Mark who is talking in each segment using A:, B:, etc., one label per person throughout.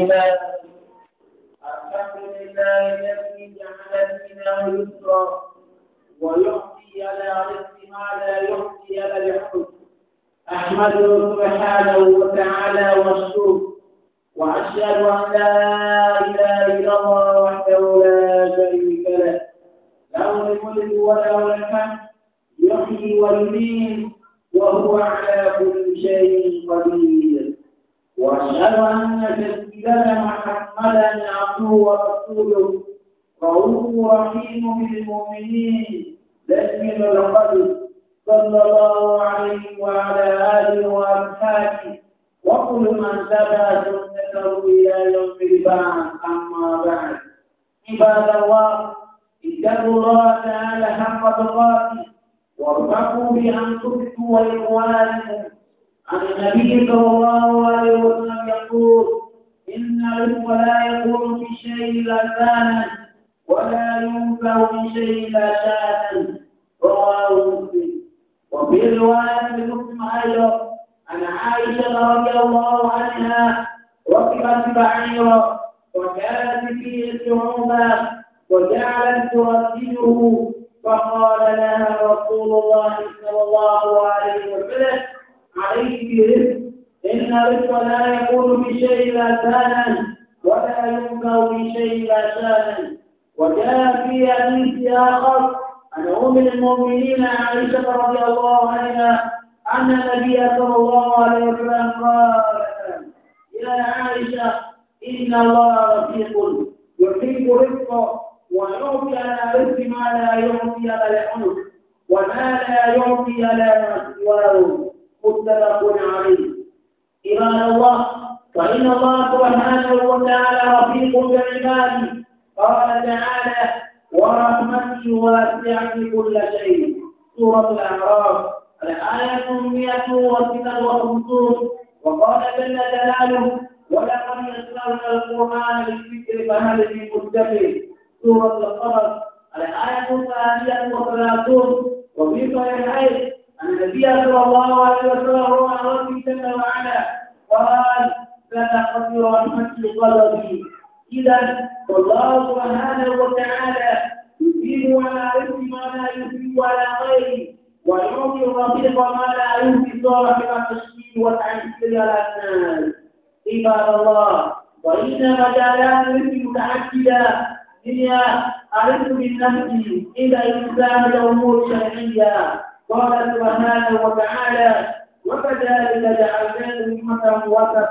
A: الحمد لله الذي جعل دينه يسرا ويعطي على رزق ما لا يعطي على الحب أحمده سبحانه وتعالى واشكره وأشهد أن لا إله إلا الله وحده لا شريك له له الملك وله الحمد يحيي ويميت وهو على كل شيء قدير وأشهد أن لنا محمدا عبده ورسوله رؤوف رحيم بالمؤمنين لأجمل القدر صلى الله عليه وعلى آله وأصحابه وكل من تبع سنته إلى يوم البعث أما بعد عباد الله اتقوا الله تعالى حق تقاته وارفقوا بأنفسكم وإخوانكم عن النبي صلى الله عليه وسلم يقول إنه ولا يكون في شيء إلا ثانا ولا ينفع في شيء إلا شانا رواه مسلم وفي رواية مسلم أيضا أن عائشة رضي الله عنها ركبت بعيرا وكانت فيه شعوبا وجعلت تردده فقال لها رسول الله صلى الله عليه وسلم عليه برزق إن الرزق لا يكون بشيء لا ثانا ولا يمكن بشيء لا شانا وجاء في حديث آخر عن أم المؤمنين عائشة رضي الله عنها أن النبي صلى الله عليه وسلم قال يا عائشة إن الله رفيق يحب رزقه ويعطي على رزق ما لا يعطي على العنف وما لا يعطي على سواه متفق عليه إيمان الله فإن الله سبحانه وتعالى رفيق بعباده قال تعالى ورحمتي واسعت كل شيء سورة الأعراف الآية 156 وقال جل جلاله ولقد يسرنا القرآن للذكر فهل من مدكر سورة القمر الآية الثانية وفي صحيحين أن النبي صلى الله عليه وسلم روى ربي ربه جل وعلا قال لنا قدر رحمتي قدري إذا والله سبحانه وتعالى يجيب على رزق ما لا يجيب على غيره ويعطي الرفيق ما لا يعطي صار من التشكيل والتعسير على الناس عباد الله وإن مجالات الرزق متعددة هي من بالنفس إلى إنسان الأمور الشرعية قال سبحانه وتعالى وكذلك جعلناكم أمة وسطا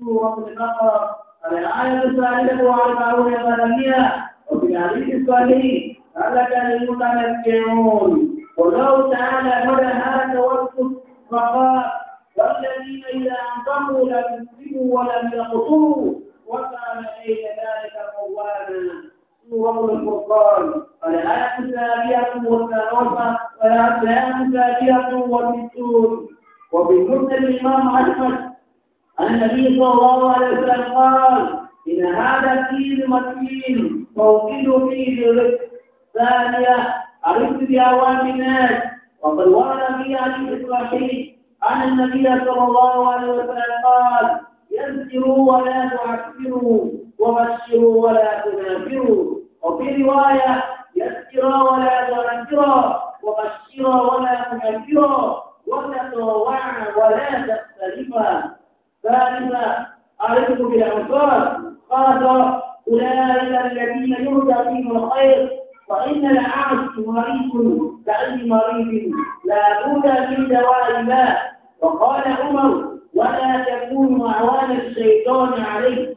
A: سورة البقرة الآية الثالثة وأربعون ثمانية وفي الحديث الصحيح كان المتمكنون والله تعالى مدى هذا التوسل فقال والذين إذا أنفقوا لم يسلموا ولم يقصروا وكان بين ذلك قوانا وهم الفرقان والآية الثانية والثالثة والآية الثانية والستون وفي مسند الإمام أحمد عن النبي صلى الله عليه وسلم قال إن هذا الدين متين موقد فيه الرزق ثانية عرفت بأوام الناس وقد ورد في أبي الإسرائيل أن النبي صلى الله عليه وسلم قال يذكروا ولا تعسروا وبشروا ولا تنافروا وفي رواية يسر ولا تنكر وبشر ولا منكرا وتطوعا ولا تختلفا ثالثا أعرف بالأنصار خاصة أولئك الذين يرجى فيهم الخير فإن العبد مريض كأي مريض لا بد من دواء ما وقال عمر ولا تكونوا أعوان الشيطان عليه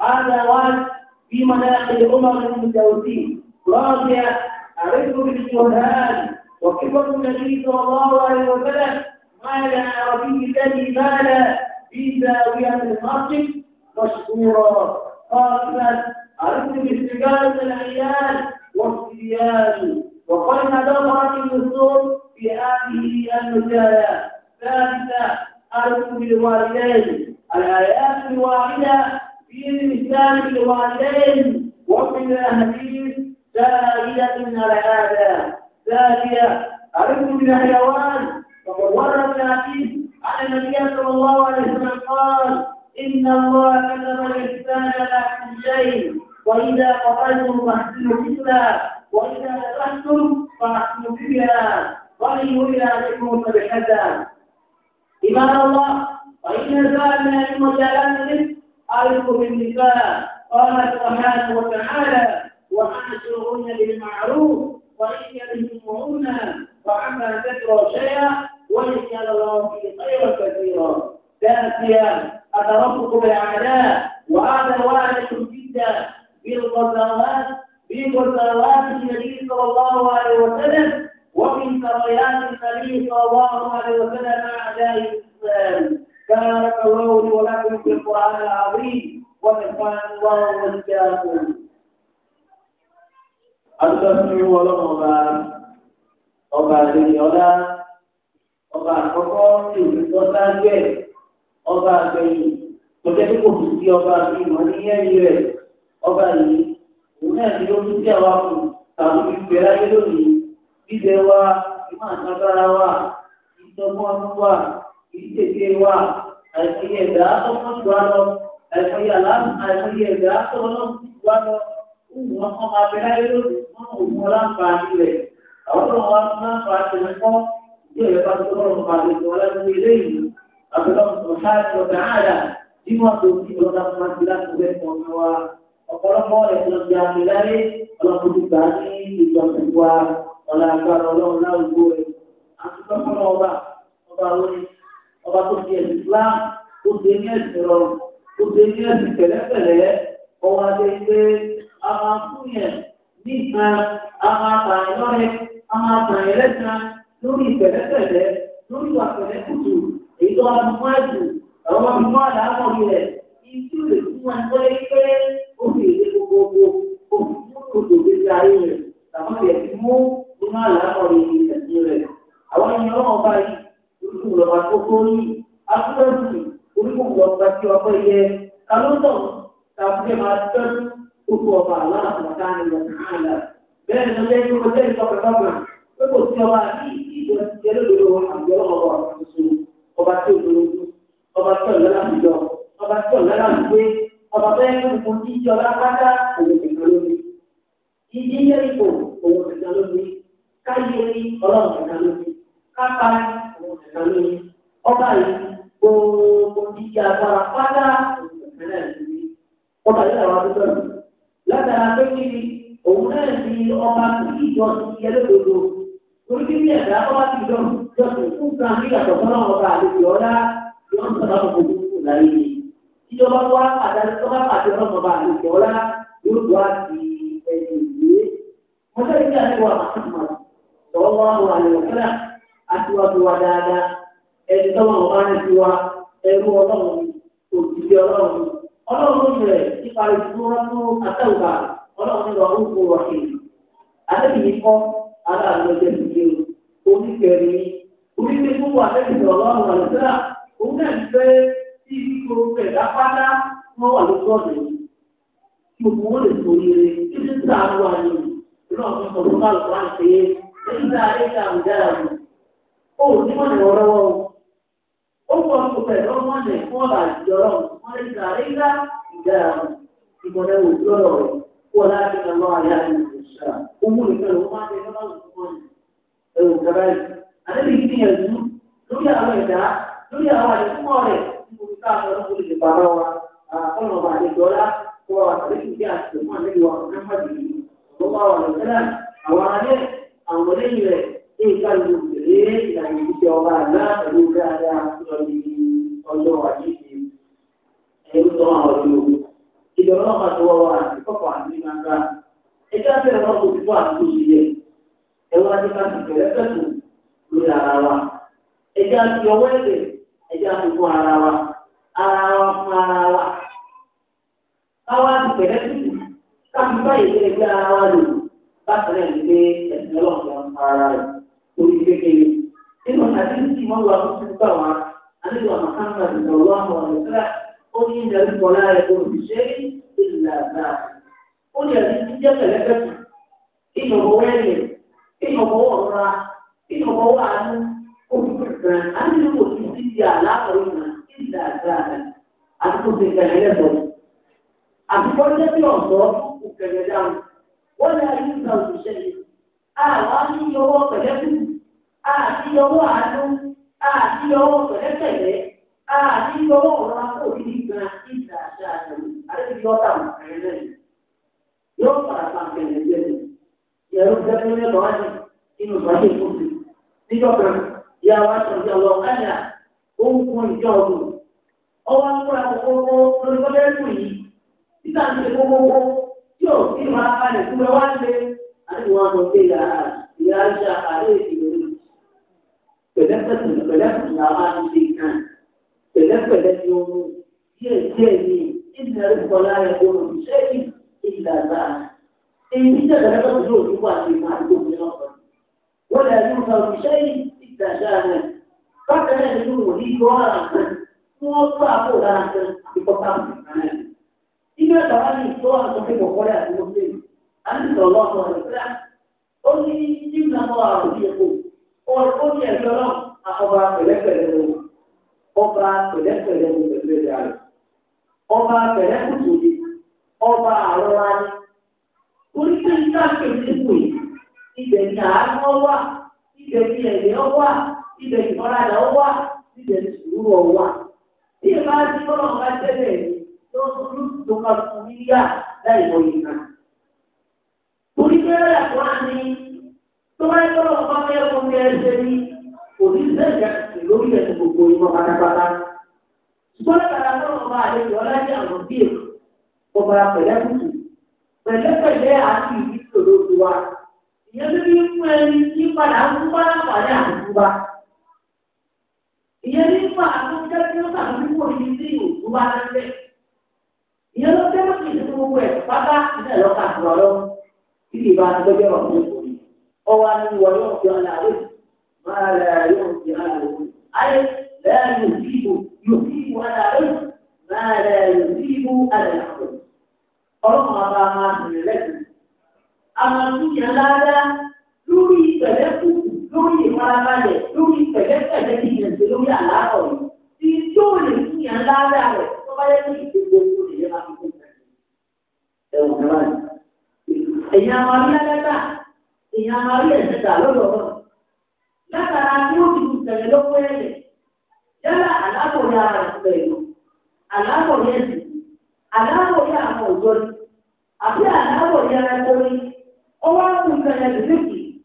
A: هذا واجب في مناقب عمر بن الجوزي رابعا عرفت بالشهاد وكبر النبي صلى الله عليه وسلم مال عربي الذي مال في زاوية المسجد مشكورا خامسا عرفت باستقالة العيال والصبيان دورا دورت النصوص في هذه المسألة ثالثا عرفت بالوالدين الآيات الواحدة في مثال الوالدين ومن الأهديث سائلة على هذا ثانية عرفت من الحيوان وقد ورد الحديث عن النبي صلى الله عليه وسلم قال إن الله كتب الإحسان على كل شيء وإذا قتلتم فاحسنوا مثلا وإذا ذبحتم فاحسنوا فيها وإن إلى عليكم فبحسن إمام الله وإن الإنسان من المجالات ألف بالنساء قال سبحانه وتعالى وحاشرهن بالمعروف وإن يلزمهن فعما ذكر شيئا وإن كان الله فيه خيرا كثيرا ثالثا الترفق بالأعداء وهذا واحد جدا بالقدرات بقدرات النبي صلى الله عليه وسلم ومن سريات النبي صلى الله عليه وسلم أعداء الإسلام بارك الله لي ولكم في القرآن العظيم ونفعني الله وإياكم أتسمع ولم أبارك ọba àlejò ọlá ọba àkọ́kọ́ tí òbí tọ́ sáájú ẹ̀ ọba àgbẹ̀yìn tọ́jẹ́ tí kò tún sí ọba àti ìmọ̀ ní ẹ̀yìn rẹ̀ ọba yìí òun náà ni ó tún sí àwa kù tàbí ìgbẹ́ láyé lónìí bíbẹ̀ wa ìmọ̀ àtàgbára wa ìtọ́gbọ́n wa ìdíje wa àìsàn ẹ̀dá tọ́wọ́n ju wa lọ àìsàn yàrá àìsàn ẹ̀dá tọ́wọ́n ju wa lọ òun ọkàn máa bẹ láyé lóde fún òun ọlànfààní rẹ̀ àwọn ọmọ wa máa ń fa àtẹnù kọ́ yóò yẹ ká tó lọ́rùn pàdé tó wọlé ní ilé ìlú àbẹ̀lọ́ ọ̀sáàtì ọ̀gá àdá bí wọ́n tó ti lọ́dà fún àti láti wẹ́ fún ọmọ wa ọ̀pọ̀lọpọ̀ ẹ̀sìn ọ̀gbìn àmì láyé ọlọ́kùnrin gbà ní ìjọsìn wa ọ̀làgbà ọlọ́run láwùjọ rẹ̀ àti tọ́kọ́lọ́ ọba ọba lórí ọba tó fi ẹ̀sìn Islam tó fi ní ẹ̀sìn rọrùn tó fi ní ẹ̀sìn pẹ̀lẹ́pẹ̀lẹ́ ọwọ́ adé pé a máa fún yẹn nígbà a máa tà ẹ̀ lọ́rẹ̀ a máa tà ẹ̀ lẹ́sàn lórí pẹ̀lẹ́pẹ̀lẹ́ lórí wà pẹ̀lẹ́kùtù èyí tó wà fún ẹ̀sìn àwọn ìmọ̀ àdáhùn rẹ̀ ìtú lè fún wọn tó pé ó fi èdè gbogbogbò ó fi mú ayé rẹ̀ tàbí ẹ̀sìn mú ìmọ̀ àdáhùn rẹ̀ ìrẹ̀sìn rẹ̀ àwọn ènìyàn ọba yìí olùkùlọ̀mà tó kórí afúrẹ́sì olùkùlọ̀mà tí ọkọ̀ yẹ kálọ́tọ̀ tàbíkẹ́ máa tán gbogbo ọba aláàbò dánilọ nàálà bẹ́ẹ̀ ni ọjọ́ ìlú ọjọ́ ìtọ́kọ̀ lọ́gbà pé kò sí ọba àti ìjọ ti ẹlẹ́ lórí àgbẹ̀ ọba àtúnṣe ọba tí olóògbé ọba tí ọ̀lẹ́lá àjọ ọba tí ọ̀lẹ́lá àgbé ọba bẹ́ẹ̀ ni gbogbo jíjẹ ọlá pátá òun kẹta lónìí jíjẹ ipò òun kẹta lónìí káyé ọlọ́run kẹta lónìí kápá òṣìṣẹ́ lórí ọba yìí gbogbo ìdíje agbára pátá òṣìṣẹ́ náà lórí ọba yìí làwọn adúgbò rẹ̀ látara pé kiri òun náà ní ọba ìjọ ìyẹn lódodo torí bí ẹ̀dá ọba ti jọ jọ sí fún kan ní ìyàtọ̀ fún ọba àlejò ọ̀la yóò ń sọ̀rọ̀ ọkọ̀ òkú láyé ìjọba wa pàdánù ọba pàdé ọba àlejò ọ̀la yóò wá sí ẹ̀yìn ìwé. wọ́n fẹ́ẹ́ ní àlejò àmàlùmọ̀ sọ̀rọ̀ wọn àwọn aṣíwájú wa dáadáa ẹni tọ́wọ́n tiwa ẹrú ọlọ́run òjijì ọlọ́run ọlọ́run rẹ̀ nípa ìfúnrọ́tò àtẹ̀wà ọlọ́run lọ orúkọ rọ̀ṣẹ̀ àtẹ̀yìn kọ́ aláàlọ́jẹ̀ nìyí o oníkẹrin oníkẹ́ tó a ó ní wọn ní ọ̀rọ̀ o ó kọ ọkọ pẹ̀lú ọmọ ní fún ọba ìjọrọ wọn lè gbà ríra ìjà ìmọ̀lẹ́ òjò lọ́rọ̀ o láti lọ lọ àyà ìṣà ó mú ìfẹ́ lọ wọn ní ọlọ́run fún wọn ẹ̀rù kẹrẹ yìí àdébí gbìyànjú lórí àwọn ẹ̀dá lórí àwọn àdékùmọ̀ rẹ̀ nítorí káàkiri ọlọ́run lè bàbá wa àkọlọ̀ bàbá o àtàlẹ́kùn bí àtìmọ́ àdéjọ́ àwọn ọmọdé àwọn alẹ́ àwọn rẹ̀ ní ìgbà sendiri dan disionalah juga ada lebih ojo wajib itu tuh dulu kita orang masuk orang itu kan di mana itu ada orang kebutuhan khusus kalau orí kékeré nínú àti ní ìmọ̀ wà fún ti gbà wá àlejò àmàkánná ti sọ̀rọ̀ wá àwọn àlùfẹ́ ó ní ìjà ní bọ̀lá rẹ̀ kò ní ṣe ìlànà ó ní àti ní jẹ́ pẹ̀lẹ́pẹ̀tù ìyọ̀ owó ẹ̀yẹ ìyọ̀ owó ọ̀ra ìyọ̀ owó àánú òkùnkùn kan àlejò ní kò sí ìkànnì lẹ́bọ̀ àti kọ́ńtẹ́tì ọ̀dọ́ òkùnkùn kẹ̀lẹ́ dáhùn wọ́n ní àyè àwọn níyọwọ́ pẹ̀lẹ́kù àtiyọwọ́ àánú àtiyọwọ́ pẹ̀lẹ́pẹ̀lẹ́ àtiyọwọ́ ọ̀rọ̀ akó yìí gan ìgbà àṣà àjọ àdébíyọ́ táwọn ẹ̀rẹ́ lẹ́yìn yóò fara pa pẹ̀lẹ́ pẹ̀lẹ́ yẹ̀rọ gbẹ́gbẹ́ mẹ́ta wá ní inú ìbáṣe ìfúnni níjọ́ kan ìyá wa sọ ìyá wa ọ̀kadà ó ń kún ìjọ ọdún ọwọ́ akúra kókó lórí kọ́lẹ́kù yìí títà ń ṣe kókó tí ò àti wọn sọ pé ìyá ìyá aṣa àlẹ́ ìdìbò rẹ̀ pẹ̀lẹ́pẹ̀lẹ́ pẹ̀lẹ́pẹ̀lẹ́ la máa ń ṣe kan pẹ̀lẹ́pẹ̀lẹ́ ni ó mú díẹ̀ díẹ̀ ni ìdílé rúkọ lára ẹ̀kọ́ òṣìṣẹ́ ìdàgbà èyí jẹ́ pẹ̀lẹ́pẹ̀lẹ́ tó ti wà ní ìmọ̀ àti òmìnira ọ̀sán wọ́n lè rí nǹkan òṣìṣẹ́ ìdàgbà rẹ̀ bákan náà nínú òní gbọ́ ara kan tí wọ́n tó àpò lára kan àti kọ́tà òṣìṣẹ́ rẹ̀ nígbà tàwa àtìsọ̀ lọ́wọ́ ìgbà ó ní yíyá mọ́ àrùn ní epo ó ní ẹ̀jọ́ náà ọba pẹ̀lẹ́pẹ̀lẹ́ wo ọba pẹ̀lẹ́pẹ̀lẹ́ wo pẹ̀lú ẹ̀dá rẹ̀ ọba pẹ̀lẹ́kùtù ni ọba àrọ́ra ni torí pé nígbà tó ní ipò yìí ibẹ̀ ni àánú wà ibẹ̀ ni ẹ̀yẹ wà ibẹ̀ ni ìfaradà wà ibẹ̀ ni sùúrù wà bí ìbá ti kọ́ lọ́wọ́ bá tẹ́lẹ̀ yóò tún lùtù tó ká fún yíyá láì mọ ìgbà bẹ́ẹ̀ wá ní tó bá yọ ọkọ fẹ́ kó fẹ́ ṣe ní òní sẹ́yìn àti lórí ẹ̀sìn gbogbo ìmọ̀ pátápátá. ṣùgbọ́n lẹ́kàrà lọ́wọ́ ọba àlejò ọlájà àwọn bíè ọba pẹ̀lẹ́kùtù pẹ̀lẹ́pẹ̀lẹ́ àti ìdílé olóògbé wa. ìyẹn tó ní fún ẹni tí padà ń fún pálápàdé àdúgbò wa. ìyẹn ní fún àtúnjẹ́ tí ó sàmúlò ní sí òkú wa lẹ́sẹ̀. ìyẹn ló fẹ́ràn kì í ṣe gbogbo ẹ̀ pátá ìdẹ̀ lọ́kà tí kì í bá lọ́jọ́ wà fún ìkòrí ọwọ́ ni wọ́n yóò fi ọ̀nà àlẹ́ máa lẹ́ yóò fi ọ̀nà àlẹ́ ayé lẹ́yìn òbíbo yóò fi ọ̀nà àlẹ́ máa lẹ́ òbíbo àlẹ́ àlẹ́ ọlọ́run àbá máa bèrè lẹ́sìn àwọn àtúnyàn lára lórí pẹ̀lẹ́kùkù lórí ìfarabalẹ̀ lórí pẹ̀lẹ́pẹ̀lẹ́ ní lórí àlàáfọ̀ yìí tí tó èyàn máa rí ẹlẹ́ta èyàn máa rí ẹ̀sẹ̀ta lọ́dọ̀ náà látara tí ó ti kú tẹ̀lé lọ́wọ́ ẹ̀lẹ̀ yálà àlábòye ara ìpẹ̀lú àlábòye ẹ̀sìn àlábòye àwọn òjò ni àbí àlábòye ara ẹ̀kọ́ ni ọwọ́ àkùn ìpẹ̀lẹ̀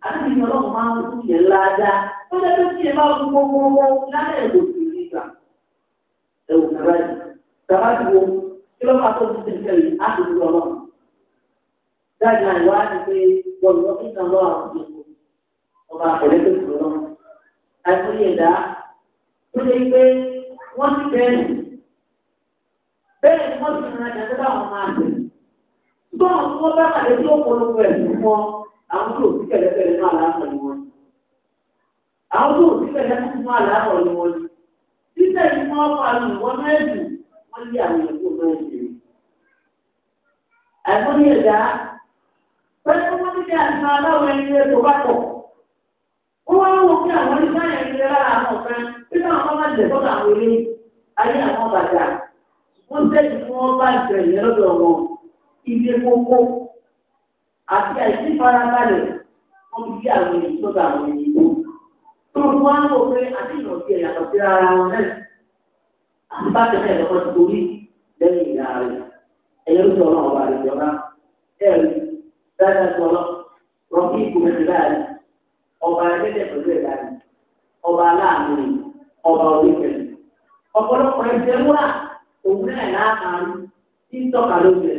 A: àti ìyẹn ọlọ́run máa ń kú ó jẹ́ pé kú lálẹ́ ìgbà ẹ̀wù wo kí ló máa tó ti tẹ̀lé àti ìlú ọlọ́run. láti máa wá ti pé gbọdọ̀ kí lọ àwọn ìdìbò ọba àpẹẹrẹ tó lọ. àìmọye ẹ̀dá tó lè pé wọ́n ti bẹ̀rù bẹ́ẹ̀ ni wọ́n ti rìn àjà tó bá wọn máa bẹ̀. ṣùgbọ́n tí wọ́n bá pàdé tí ó polówó ẹ̀ fún wọn àwọn tó ti kẹ̀lẹ́kẹ̀lẹ́ náà láàpọ̀ ni wọ́n. àwọn tó ti kẹ̀lẹ́kẹ̀lẹ́ náà láàpọ̀ ni wọ́n. títẹ̀ ni wọ́n pa àlùwọ́n náà ẹ̀dùn wọ́n lé àwọn ẹ̀kọ́ náà ẹ̀dùn. àìmọye ẹ̀dá pẹ̀lú wọ́n ti di àṣà aláwọ̀ ẹni rẹ̀ tó bá tọ̀. Ó wá wò kí àwọn oníṣẹ́ yẹn ti rárá àwọn kan nínú àwọn máa jẹ̀ fọ́nà àwọn ilé ayé àwọn bàjá. Wọ́n tẹ̀sí tí wọ́n bá jẹ̀ yẹn lọ́dọ̀ wọn. Ilé kókó àti àìsí farabalẹ̀ wọ́n fi àwọn ènìyàn sọ́dọ̀ àwọn ènìyàn tó. Tó wá wò pé àdéhùn ọ̀sẹ̀ yàtọ̀ sí ara wọn náà. Àbájá ẹ̀ lọ́kọ̀ ti torí lẹ́yìn ìyá rẹ̀ dáadáa tó lọ rọ́bì ìkùnrin ti báyìí ọba ẹlẹ́dẹ̀ pẹ̀lú ẹ̀dá ni ọba aláàánú ni ọba onífẹ̀ ni ọ̀pọ̀lọpọ̀ ẹ̀jẹ̀ wúrà òun náà láàánú tí ń tọ́ka lóde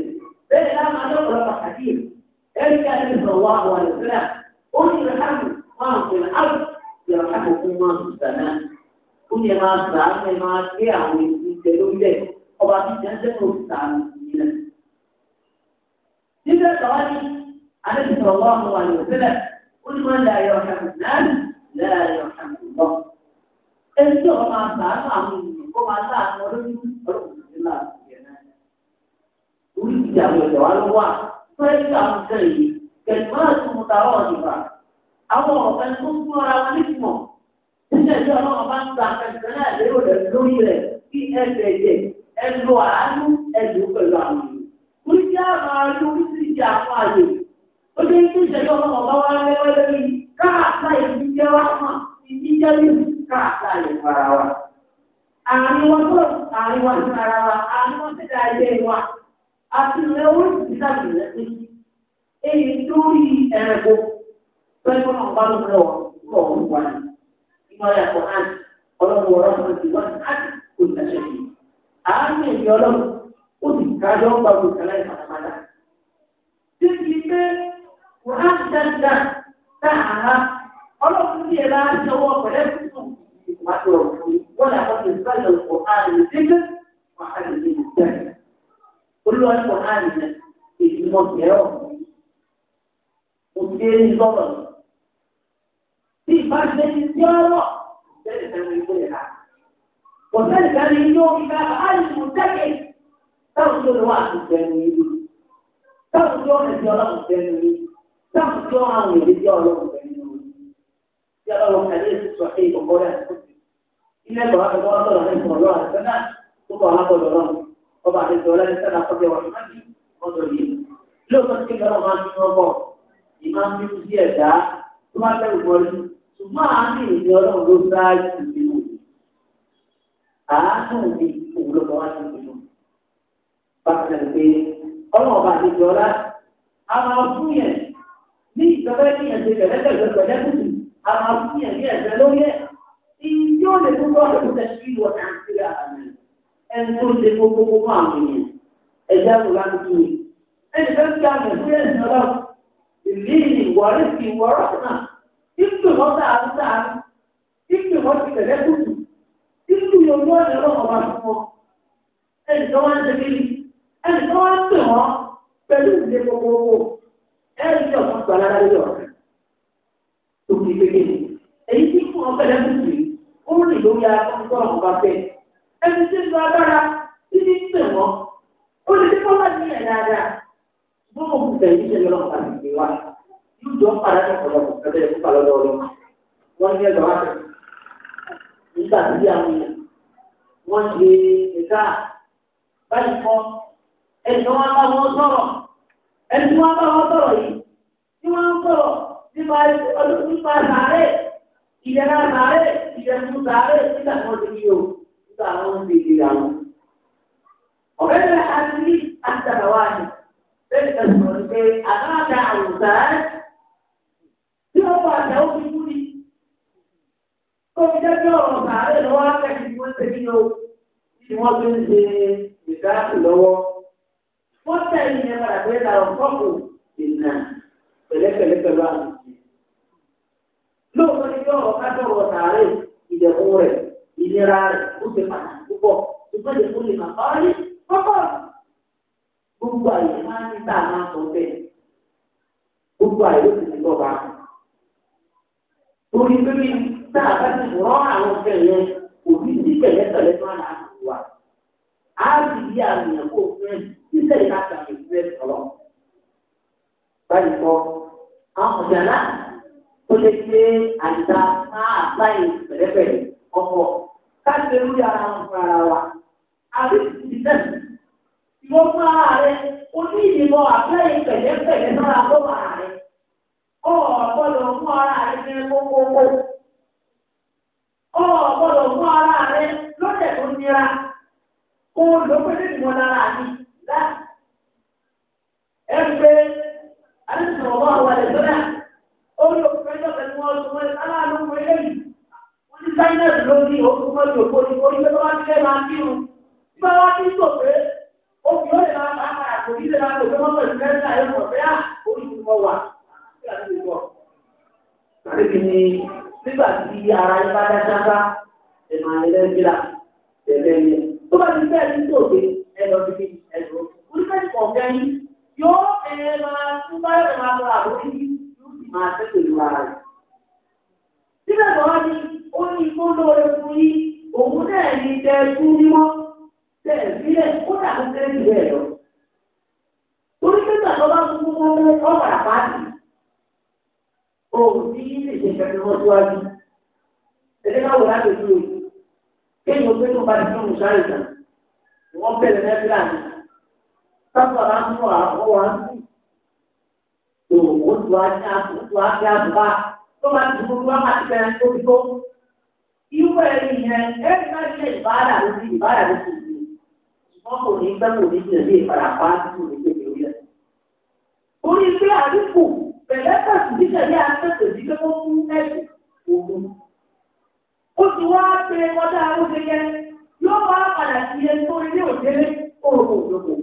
A: bẹ́ẹ̀ láàánú ọ̀pọ̀lọpọ̀ kàdí ẹ̀rí ká ní ìfọwọ́ àwọn àlùfẹ́lá ó ní ìrẹ́hàmù wọn àpẹẹrẹ àlù ìrẹ́hàmù fún wọn sùdàná ó ní ẹ máa sà á ẹ máa gbé àwọn ìṣẹ̀ lórílẹ̀ ọba tí jẹ́ ń sàn ìyẹn. nígbà النبي صلى الله عليه وسلم قل من لا يرحم الناس لا يرحم الله انت وما صار وما صار ولم يكن الله orí ìjà àwọn ìjọba ló wà fẹ́ẹ́ àwọn nǹkan yìí kẹ̀tùmá àti mùtàwọ́ ọ̀dìbà àwọn ọ̀fẹ́ tó ń fún ara wọn nítumọ̀ nígbà tí ọlọ́run bá ń gba akẹ́kọ̀ọ́ náà lérò rẹ̀ lórí rẹ̀ kí ẹ bẹ̀yẹ̀ ẹ lo àánú ẹ lò pẹ̀lú àwọn èèyàn orí ìjà àwọn àárín orí ìjà àwọn àyè ó ṣe ń tún ìṣẹ́jọ́ ọmọ ọba wa lẹ́wọ́ lórí káàtà ìdíjẹ́ wa kan ìdíjẹ́ yìí káàtà ìfara wa. àárín wọn tó àárín wa sí ara wa àárín wọn sí ara ilé wa àti ilé owó ìdíjáde rẹ̀ sí i. èyí tó rí ẹ̀rẹ̀kọ pẹ̀lú ọmọ ọba ló rẹ̀ wọ́n rọ̀ wọ́n wà ní. ìmọ̀ ẹ̀ kò hàn ọlọ́run ọlọ́run ti wọ́n hàn kò ìtàṣẹ́ yìí. àárín ẹ̀yìn ọlọ́run ó ti kájọ́ ọgbà wọ́n á ti dáadáa dáhàrá ọlọ́run ní ẹ̀rọ aṣọwọ́ pẹ̀lẹ́ tuntun wọ́n á ti làwọn ti bá yọ ọ̀pọ̀ àrùn dídẹ́ wọ́n á lè ní ìgbà yẹn olúwa ní ọ̀hán nìyẹn èyí mọ̀ bẹ́ẹ̀ ọ̀ mo ti dé ní lọ́wọ́ tí ti di ọ̀rọ̀ bẹ́ẹ̀ sẹ́wọ̀n ìwé rà wọ́n sẹ́ni kan ní yóò fi ká àyùmọ̀ tẹ́kẹ̀ táwọn tó lè wá àtúntẹ̀ nìyí táwọn tó lè fi ọlọ́run tẹ́ nìyí. تحت عن رجال بينهم جاء الحديث الصحيح وقال إن الله تواصل عليكم الله السنة ثم هذا الرمز وبعد الدولار السنة قبل وحمده وضليل لو تذكر رمضان من الله إمام بن زيادة ثم تقول ثم عندي رجال رزاج منه أعلم بأولو قوات منه بعد ذلك الله بعد الدولار أما أبويا ìjọba ní ẹsẹ̀ kẹlẹ́kẹ̀ lọ́gbà lẹ́kùtù àwọn àfihàn ní ẹ̀sẹ̀ lóye ìyí ó lè gbogbo ọ̀rọ̀ tó tẹ̀sí ìwọ nàìjíríà àná ẹni tó lè gbogbo gbogbo àwọn èèyàn ẹ̀jẹ̀ àtò láti tù mí ẹni fẹ́ fi àmì fún ẹ̀sìn ọlọ́ ìlú ìlú wọ̀rí fi wọ́rọ̀ náà ìpè wọ́n sáà ń sáà ìpè wọ́n ti kẹlẹ́kùtù ìlú yòówó ọ̀rẹ́ lọ́wọ́ máa fún wọn ẹni tó wá ń ṣe kí ẹni tó wá ń pè wọ́n pẹ̀lú ìdè gbogbogbò ẹ̀rí tí ọ̀sán gbà lára lórí ọ̀rọ̀ tó kí kékeré èyí tí fún ọ̀pẹ lẹ́kùtì ó rìn lórí akọ́ńtọ́ ọ̀hún bá fẹ́ ẹni tí ń lọ agbára títí ń pè wọ́n ó lè dípọ́ bá ní ẹ̀ dáadáa bó mo kù tẹ̀yìn ṣe lọ́nà pàtàkì ìgbé wa yóò jọ padà ní ọ̀pọ̀lọpọ̀ ẹgbẹ́ ẹ̀kú palọ́dọ̀ ọlọ́mọ wọ́n ní ẹgbẹ́ wa nígbà tí àwọn èèyàn wọ́n ṣe ẹ̀ka báyìí kọ́ ẹ̀ṣọ́ wọn bá wọn sọ̀rọ̀ ẹni tí wọ́n bá wọn sọ̀rọ̀ yìí tí wọ́n ń sọ̀rọ̀ nípa ọdún nípa sàárè ìdẹ̀ra sàárè ìdẹ̀kùn sàárè nígbà tí wọ́n ti yí o nígbà wọn ń bèèrè àwọn. ọ̀rẹ́ rẹ̀ àti àtàwà ni bẹ́ẹ̀ ká sọ̀rọ̀ pé àbáàdà àwòsàn tí wọ́n bá àtàwọn fi kú ni. tó fi jẹ́ pé ọ̀rọ̀ sàárè lọ́wọ́ akẹ́kọ̀ọ́ ni wọ́n ti ní o tí wọ́n fi ń ṣe ìdáàbò lọ́wọ́ wọ́n tẹ̀ ní ẹ̀ padà pé ẹ̀ta ọ̀kọ́kù ìnà pẹ̀lẹ́pẹ̀lẹ́ pẹ̀lú àmì. lóòótọ́ ni yọ ọ̀ká sọ̀rọ̀ sàárè ìdẹ̀kùn rẹ̀ ìlera rẹ̀ ó ti pàtàkì púpọ̀ ṣùgbọ́n ìdẹ̀kùn lè máa kọ́rí pọ́pọ́. gbogbo àyè máa ń tà máa sọ bẹ́ẹ̀ gbogbo àyè ó sì ti bọ̀ bá. torí pé tá a bá ti rọ́ àwọn ọ̀fẹ́ yẹn kò ní sí pẹ̀lẹ́pẹ̀lẹ́ tó wà láàbù wa. á sì yí àmì ẹ̀kọ́ títẹ̀ ìtajà ìgbésẹ̀ ọ̀rọ̀. Báyìí kọ́, àwọn ọ̀jà náà tó lè gbé àìsà máa báyìí pẹ̀lẹ́pẹ̀lẹ́ ọkọ̀ káṣí ewu yàrá wọn fún ara wa. Àbí ìdílé ìwọ fún ara rẹ oní ìdìbò àbẹ́yìn pẹ̀lẹ́pẹ̀lẹ́ náà tó wà rẹ. Ó ọ̀gbọ́dọ̀ fún ara rẹ ní kókókó. Ó ọ̀gbọ́dọ̀ fún ara rẹ lọ́dẹ̀ nira. Ó lọ pé ní lára mi. لا افرض أنت الله عليه وسلم قول له كيف تنوال ثم أنا لهم إليه ولسانة لوني هو ثم يقول يقول يقول يقول يقول ìgbà wa ti sọ pé obì ó lè máa bá ara kò ní lè máa lò pé wọ́n pẹ̀lú mẹ́rin àyè mọ̀ pé à ah, oríṣi mọ̀ wà kí a ti bọ̀. Àbíkí ni nígbà tí ara yẹn bá dájá bá ẹ̀mọ̀ ayẹyẹ ń gbéra tẹ̀lé yẹn. Tó bá ti bẹ́ẹ̀ ní tòde ẹ lọ sí kíni ẹ̀dùn wípé kọ̀ọ̀kan yìí yóò ẹ̀rọ máa tún bá ẹ̀rọ máa lọ àlórí yóò sì máa tẹ́ pẹ̀lú ara rẹ̀. síbẹ̀ bọ́ ni ó ní igbó lóore fún yín òun náà ní tẹ ẹkú mímọ́ tẹ ìbílẹ̀ ó dàbí tẹ́lẹ̀ jù bẹ́ẹ̀ lọ. torí pé tàbí ọba tuntun wọn fẹ́ ọ̀pọ̀ àpáàdì òun ní lè ṣe ìfẹ́ wọn síwájú. ẹ̀dẹ́ náà wò tó bá ti fún òun sábàrà ń wà ó wà ń bì. tó o tó a ní àtúntò a fi àdúrà tó máa ti fún wa máa ti bẹ̀rẹ̀ tó fi tó. irú ẹni yẹn ẹni náà ṣe ìbáàdà lórí ìbáàdà lórí ìlú ṣùgbọ́n kò ní gbẹ́ kò ní jìnnà bí ìfarapa tó lè gbé lórí ẹ̀. orí pé àdínkù pẹ̀lẹ́ pẹ̀sù jíjẹ̀ ní àtẹ̀tẹ̀ sí pé wọ́n mú ẹ̀sìn òun. ó ti wá pé wọ́n dá arúgbó yẹn yóò wá padà sí ẹni tó ilé òjèlé òòrùn òdòdó.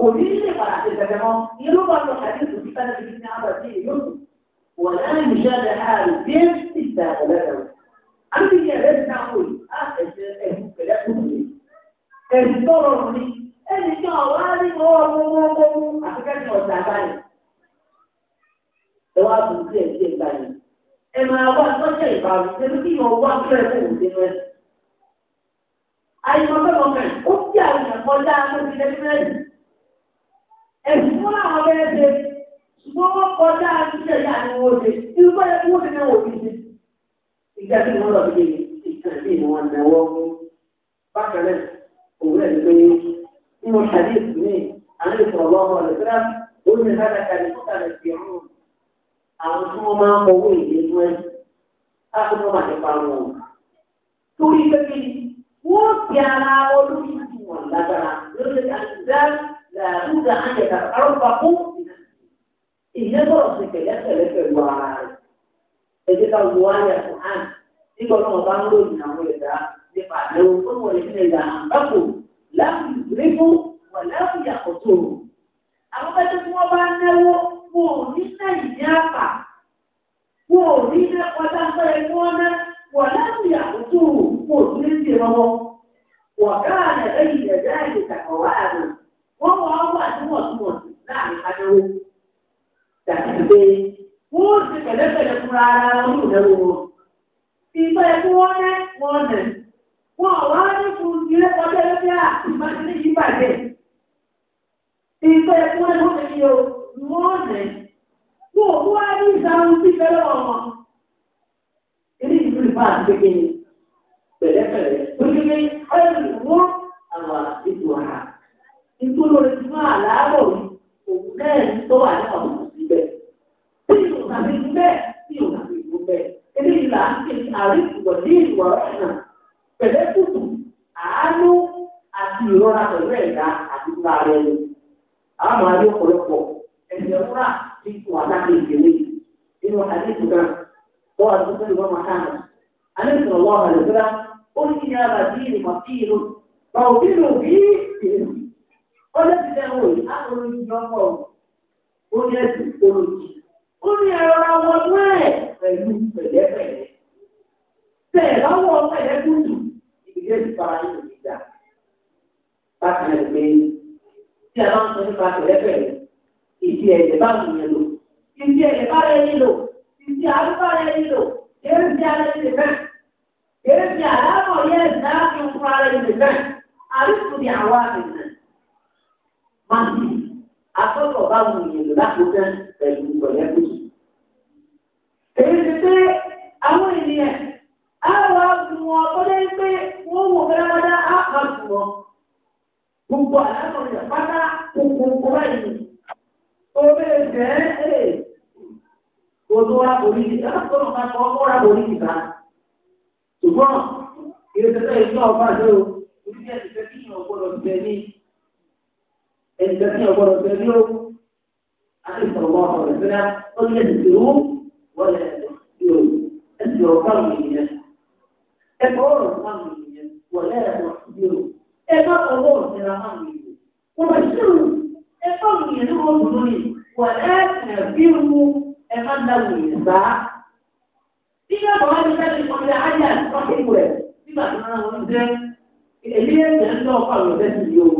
A: قليل مراتب كمان يروى له حديث في سنة ابن عمر فيه يوسف والآن مشاهد حال كيف تستاهل له عندي يا رب نقول أخذ كلامه الضررني اللي كان وارد هو مو أفكار مستعبان سواء كنت كيف تاني إما أول ما شيء قال تبكي هو واقف يقول أي مكان مكان أبدا من قدام من ẹ̀sùn àwọn ọ̀rẹ́ ṣe ṣùgbọ́n wọ́n kọjá ṣíṣe ìyá ni wọ́n ṣe irú báyọ̀ kí wọ́n ṣe náà wọ́n fi ṣe. ìjà tí wọ́n lọ sí ìkàn sí ìwọ̀n náwó bákan náà òwúrọ̀ ní pé nínú ṣàdé ìsúnì àwọn ìfọ̀rọ̀ ọmọ rẹ̀ síra ó ní ládàkà ní kúta rẹ̀ fi hàn àwọn tí wọ́n máa ń fọwọ́ ìdí fún ẹ káàkiri wọn máa wọ́n ti ara wọn lórí ìtumọ̀ lágbára lórí àti لابد أن يتقربوا ìyẹn bọ̀rọ̀ sí pẹ̀lẹ́pẹ̀lẹ́ pẹ̀lú ara rẹ̀ ẹ̀jẹ̀ ká wo ayé àkùnrin nígbà náà bá ń lòyìn àwọn ẹ̀dá nípa àdéhùn tó wọ̀ ní ẹ̀dá àbákò láti ìgbéléwó wà láti ìyàkọ̀tò. àwọn bẹ́ẹ̀ tí wọ́n bá náwó wọn ò ní náyì ní àpà wọn ò ní ná kọjá pẹ́ẹ́ kí wọ́n ná wà láti ìyàkọ̀tò wọn ò ní ṣe lọ́wọ́ wọ̀ká àlẹ́ ẹ̀yìn ẹ̀dá ìdàkọ̀wá àdùn wọ́n wá wà níwọ̀ntúnwọ̀ntún láàrin kánáwó. Dàbí pé wọ́n ti pẹ̀lẹ́pẹ̀lẹ́ fúnra ara wọn ní ìnáwó wọn. Ìgbà ẹ̀kú wọn rẹ̀ wọn nẹ̀. Wọn wá ní fún ilé kọjá lórí à ìmọ̀lẹ́ yìí bàjẹ́. Ìgbà ẹ̀kú wọn ni wọ́n ti yọ wọn nẹ̀. Wọ́n ò wá ní ìsàrùn sí ìfẹ́lẹ́ ọmọ. Ilé ìlú ìfọ̀ àti kékeré pẹ̀lẹ́pẹ̀lẹ́. Onígbé ọ̀rẹ́ ìwọ́n àwọn àti ìwà ìgbólórí tí wọ́n àlàárọ̀ yìí òun náà ń tọ́ wà ní àwọn òṣìṣẹ́ tí yóò tàbí ní bẹ́ẹ̀ tí yóò tàbí ní bẹ́ẹ̀ eléyìí là ń pè ní àríkùbọ̀ ní ìwà ọ̀nà pẹ̀lẹ́ kùtù àánú àti ìrora pẹ̀lú ẹ̀dá àti ìgbà rẹ̀ ni àwọn àyè ọ̀pọ̀lọpọ̀ ẹ̀jẹ̀ wúrà ti kù àtàkì ìdílé nínú àdéhùn náà wọ́n àdúgbò ìwọ́n máa ó lé ti dẹ́wọ̀ yìí àwọn olóyìn ọkọ̀ ó ní ẹ̀sìn olóyìn ó ní ẹ̀rọ àwọn ọmọ ẹ̀ pẹ̀lú pẹ̀lẹ́pẹ̀lẹ́
B: tẹ̀ lọ́wọ́
A: pẹ̀lẹ́kùtù ìdílé ti fara yìí ní ìjà láti rẹ̀ pé tí a máa ń sọ nípa pẹ̀lẹ́pẹ̀lẹ́ ìdí ẹ̀jẹ̀ bá mi yẹn lò ìdí ẹ̀jẹ̀ bá rẹ̀ yín lò ìdí àdúgbò rẹ̀ yín lò èyí ti alẹ́ ti fẹ́ èyí ti àlámọ̀ yẹn náà fi ń fún ara yín lè fẹ́ àríkù ni àwa àgbẹ̀ wọ́n ti akọ́kọ̀ bá wù yẹn láti tẹ́ pẹ̀lú pẹ̀lẹ́kù. Èyí ti pé àwọn ènìyàn á wà dùn wọn kọ́lé pé wọ́n wò fẹ́rẹ́fẹ́rẹ́ á wà dùn wọn. Gbogbo àlàkọ̀ rẹ̀ pátá kókó kóra yìí. Ó bẹ̀rẹ̀ jẹ́ ẹ̀ kótó wa bòrí ìdí ẹ̀ kó lọ́ka kọ́ kóra bòrí ìdí ká. Ṣùgbọ́n ìrètí tẹ̀lé ní ọ̀gbà tó ìdí ẹ̀ ti fẹ́ kí ìyàn ẹ̀jẹ̀ tí ọgbọ́dọ̀ tẹ ní o àti ìsọ̀rọ̀ ọ̀rọ̀ rẹ̀ fẹ́rẹ́ ó lè dìrú wọlé ìrò ẹ̀jẹ̀ ọ̀gá mi yẹn ẹ̀kọ́ ọ̀rọ̀ ọ̀gá mi yẹn wọlé ẹ̀rọ ìrò ẹ̀kọ́ ọwọ́ ìṣẹ̀lá máa mi yẹn wọ́n bá ṣírù ẹ̀kọ́ mi yẹn ní wọ́n dùn ní wọlé ẹ̀rọ ẹ̀ má dá wù yẹn bá. Nígbà tó wá ní sẹ́yìn ìkọ̀lẹ́ ayé àti sọ́kì ìwẹ̀ nígbà tó náà wọ́n jẹ́ èyí ẹ̀jẹ̀ ń lọ́ọ̀kọ̀ àwọn ọ̀dẹ́sì yìí o.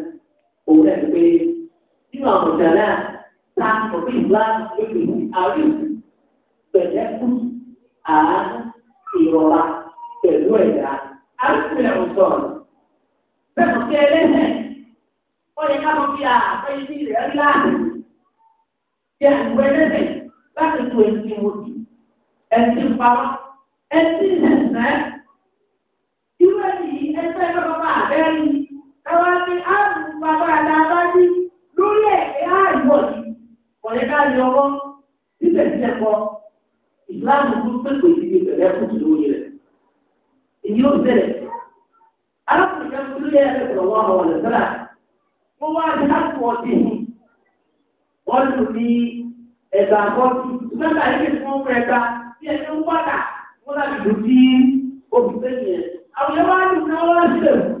A: òun náà pé nínú àwọn ọ̀dà náà ta ọ̀pẹ ìgbàlá lórí àárín pẹ̀lẹ́kù àánú ìrọ̀lá pẹ̀lú ẹ̀dá àrùn ọ̀sọ̀rọ̀ bẹ́ẹ̀ kí ẹlẹ́sẹ̀ ó yẹ ká mọ bí àpẹyẹ ní ilẹ̀ ńlá bí àgbẹ̀ ẹlẹ́sẹ̀ láti tu ẹ̀sìn wòdì ẹ̀sìn pamọ́ ẹ̀sìn ẹ̀sẹ̀ irú ẹ̀sìn yìí ẹ̀sẹ̀ lọ́kọ̀ọ́ àbẹ́rẹ́ ni a lù bàbá àdàbà ní lórí ẹ̀yẹ àìwọ̀ yìí ọ̀rẹ́ ká ní ọkọ́ níbẹ̀ tí ẹ kọ́ ìsìláàmù tó pépè sí ibi bẹ̀rẹ̀ kù sí lórí rẹ̀ èyí ó bẹ̀rẹ̀ arákùnrin kan tó lé ẹ̀rẹ́ sọ̀rọ̀ wọn àwọn ọ̀rẹ́ sọ́ra wọ́n wá ní láti ọ̀dẹ̀ yìí wọ́n lù ní ẹ̀gbà àkọ́tù mẹ́ta yìí kí wọ́n fẹ́ ta bí ẹni ń wáta wọ́n láti lù sí obìnrin yẹn àwọn yẹn wá ní ìnáwó láti lè wù.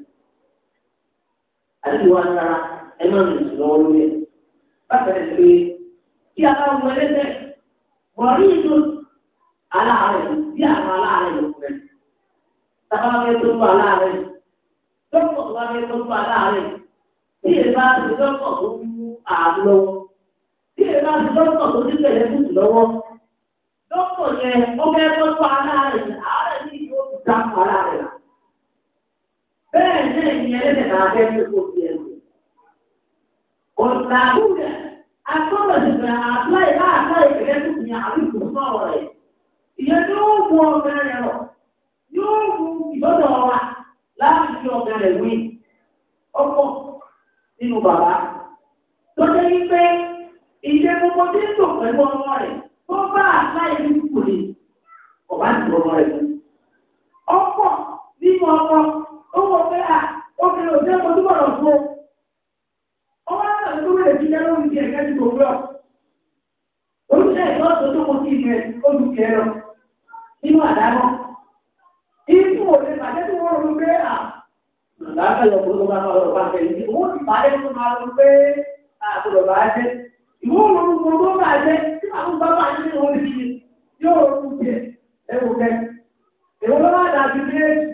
A: àti wọn rárá ẹ má lè sùn lọ́wọ́ lórí ẹ̀. bákan ẹ̀ pé kí aláwọ̀ ọmọ ẹlẹ́sẹ̀ wọ̀rí ìlú aláàárẹ̀ bí àwọn aláàárẹ̀ ló fẹ́. sábàbẹ́ tó ń bọ̀ aláàárẹ̀ dọ́pọ̀ tó bá fẹ́ tó ń bọ̀ aláàárẹ̀ bí èèbá ti dọ́pọ̀ tó ń mú ààrùn lọ́wọ́ bí èèbá ti dọ́pọ̀ tó ti tẹ̀lé fún lọ́wọ́ dọ́pọ̀ yẹn ó fẹ́ tó ń bọ̀ aláàárẹ̀ àárẹ̀ ní ìlú ó ti dá bẹ́ẹ̀ náà ni ẹlẹ́dẹ̀ máa fẹ́ ní kò fi ẹ̀rù. ọ̀sà àbúrò akọ́lọ̀ ti bẹ̀rẹ̀ àpláì láàpláì ìrẹ́ tó fi hàn àbí kò sọ̀rọ̀ rẹ̀. ìyẹn yóò mú ọ̀gá rẹ̀ rọ̀ yóò mú ìdọ́dọ̀ wa láti fi ọ̀gá rẹ̀ wí. ọkọ̀ nínú bàbá tó dé wípé ìjẹ́ gbogbo tí ń tò pẹ̀lú ọmọ rẹ̀ tó bá àpláì ní kùlì ọ̀bá ti ọmọ rẹ̀ fún. ọkọ̀ nínú ọkọ̀ wọ pé à obìnrin òjò ẹ̀kọ́ tó bọ̀rọ̀ fún un. ọwọ́ náà tó bẹ̀rẹ̀ sí lórí ìdíyẹ̀ kẹ́sì kò gbọ́. oríṣẹ́ ìtọ́ tó tó kọ sí ibẹ̀ olùkẹ́ lọ nínú òde tó wọ́n pé à máa lọ yìí ti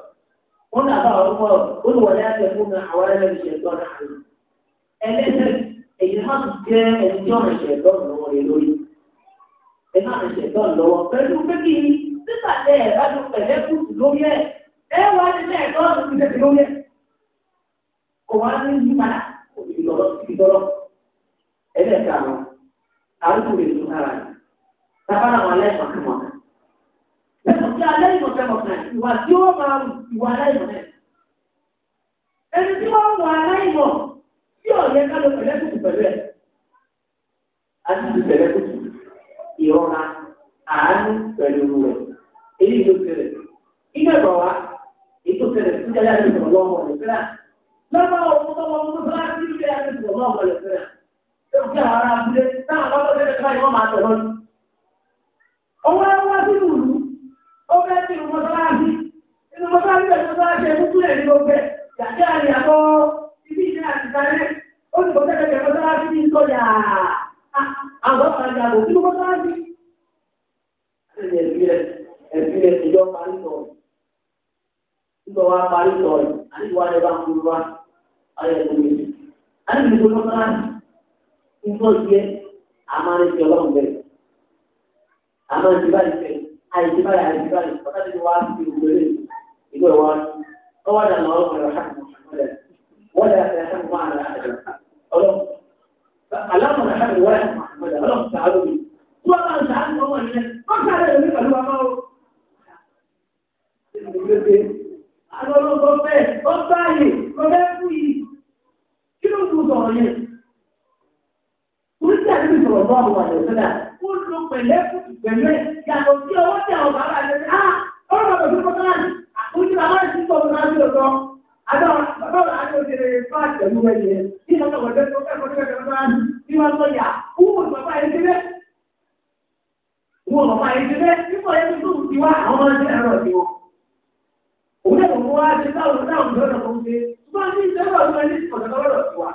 A: wọn náà bá wọn kọ olùwọlé àtẹkùn náà àwọn ẹlẹ́rìí ṣẹ̀tọ́ náà rẹ̀ ẹlẹ́sẹ̀ èyí má jẹ́ ẹni tí ọ̀rọ̀ ṣẹ̀tọ́ lọ́wọ́ rẹ̀ lórí ẹ má rẹ̀ ṣẹ̀tọ́ lọ́wọ́ pẹ̀lú pé kí ni nígbà tẹ ẹ bá tún pẹ̀lẹ́ kù lórí ẹ ẹ wá ní ẹ tọ́ ọ̀rọ̀ ti tẹ̀sí lórí ẹ kò wá ní yí padà kò ní lọ́rọ́ sí lọ́rọ́ ẹlẹ́sẹ̀ àwọn àrùkù rẹ̀ tún ara rẹ̀ tábàrà wọn lẹ́sàn-án ẹ̀sùn tí alẹ́ ìmọ̀tẹ́mọ̀tẹ́ ìwà tí ó máa ìwà aláìmọ̀tẹ́. ẹni tí wọ́n wà aláìmọ̀ tí ọ̀yẹ́ ká ló pẹ̀lẹ́ kùtù pẹ̀lú ẹ̀. a ti di pẹ̀lẹ́ kùtù ìrora àánú pẹ̀lú rẹ̀ èyí ló tẹ̀lẹ̀. ìgbà ìgbà wa èyí tó tẹ̀lẹ̀ tó jẹ́ láti ìgbà lọ́wọ́ rẹ̀ fẹ́ràn. lọ́wọ́ òun tó wọ́n tó bá ti rí láti ìgbà lọ́wọ́ rẹ̀ fẹ́ràn ó fẹ́ ti ìlú mọ́sálásí inú mọ́sálásí bẹ̀rẹ̀ mọ́sálásí ẹ̀kú kúrẹ̀ ní gbogbo ẹ̀ yàtí àrí àbọ̀ ibi ìṣẹ́ àti ìdálẹ́ ó sì kọ́ tẹ́lẹ̀ mọ́sálásí ní ìtọ́jà àwọn ọ̀sán àbò inú mọ́sálásí. ẹ̀bí ẹ̀ ẹ̀bí ẹ̀ ìjọ parí sọ ìgbọ̀ wa parí sọ àyíwá ẹ̀ bá kúrú wa ayẹ̀ tó lè ṣe. àyè ìgbò mọ́sálásí ìtọ́jú ẹ̀ àìsíbáyà àìsíbáyà bàtà tí wàá ti wọlé ìlú ẹ̀ wọ́n ọwọ́ dà ọ̀rọ̀ wọ́n dà sí ẹ̀sán fún àlá àjọ ọlọ́run tí wọ́n bá ń sàárò wọn wọn yẹn wọ́n sàárò mi pẹ̀lú ọmọ o. àlọ́ ọlọ́gbọ́n bẹ́ẹ̀ ó báyìí ó fún yìí kí ló ń sọ̀rọ̀ yẹn. oríṣiríṣi àti ìsọ̀rọ̀ bọ́ọ̀lù wà lọ́sọ̀dà kó pẹ̀lẹ́ kùtù pẹ̀lẹ́ yàtọ̀ sí ọwọ́ tí àwọn bàbá rẹ̀ ṣe ah ọ̀rọ̀ bàbá òṣèlú kọ́tà láti àkójú bàbá rẹ̀ ti sọ̀rọ̀ láti ọ̀dọ́ àdó bàbá rẹ̀ àti òṣèlú bá àtẹ̀lú rẹ̀ yẹ kí wọ́n sọ̀rọ̀ lẹ́sọ̀ kẹ́kọ̀ọ́ kẹ́kọ̀ọ́ kẹ́kọ̀ọ́ kí wọ́n sọ yà wọ́n bàbá yẹn ti bẹ́ wọ́n bàbá yẹn ti bẹ́ nípa yẹn tó òun náà wọ́n wá ṣe táwọn táwọn ìjọba kan ṣe ṣùgbọ́n ní ìjọba ọ̀gbọ́n ní ìkọ̀tàkọ́rọ̀ ti wá.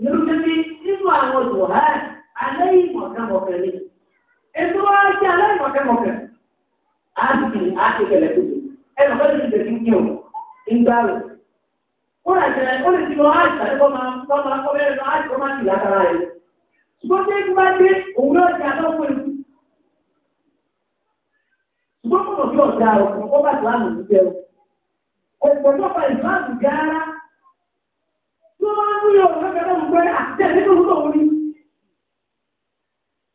A: Nínú jẹ́ pé nínú àwọn ìwọ̀n aláìmọ̀kẹ́mọ̀kẹ́ ni ètò wa jẹ́ aláìmọ̀kẹ́mọ̀kẹ́ á sì á sì kẹlẹ̀ tó ẹnì kan ti tẹ̀sí ní o ìgbà rẹ̀ ó rà jẹ́ ó lè ti lọ á ìgbà tó máa tó máa kọ́ bẹ́ẹ̀ lọ á ìgbà máa ti látara rẹ̀ ṣùgbọ́n tí ẹni bá dé òun náà ti àtọ́kùn ẹ̀ ṣùgbọ́n kò tó ọ̀dà ọ̀kùn kó bá ìlànà yìí jẹ́ o ọ̀pọ̀ tó fa ìlànà gáárá tí wọ́n á ń rí ọ̀rọ̀ lọ́kẹ́ lọ́wọ́ pé àtẹ̀lé tó wúlò wọlé.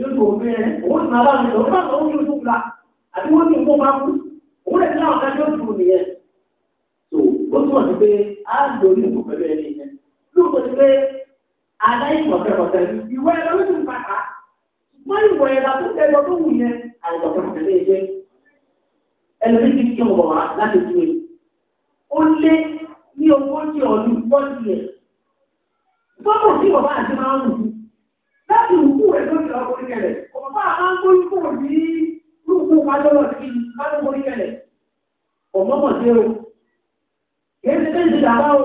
A: yóò tó gbé ẹ òun ti máa bá mi lọ bá lọ yóò tó gba àti wọn ní ìwọ máa kú òun rẹ̀ náà ká yóò dùn nìyẹn tó ó túmọ̀ sí pé á lò ní ìwọ pẹ̀lú ẹni yẹn lóòótọ́ sí pé adáyé pọ̀tẹ́pọ̀tẹ́ ìwọ ẹ̀ lọ́wọ́ tó ń pàkà wọ́n ìwọ ẹ̀ bá tó ń tẹ́lọ wù yẹn láti òkú rẹ̀ lórí ọkùnrin kẹlẹ̀ ọ̀pọ̀ bá a máa ní lóko pàjọ́wọ́ sí lálùkọ́rí kẹlẹ̀ ọ̀mọ́mọ̀ sí o kìí ṣe bẹ́ẹ̀ ṣe dàbá o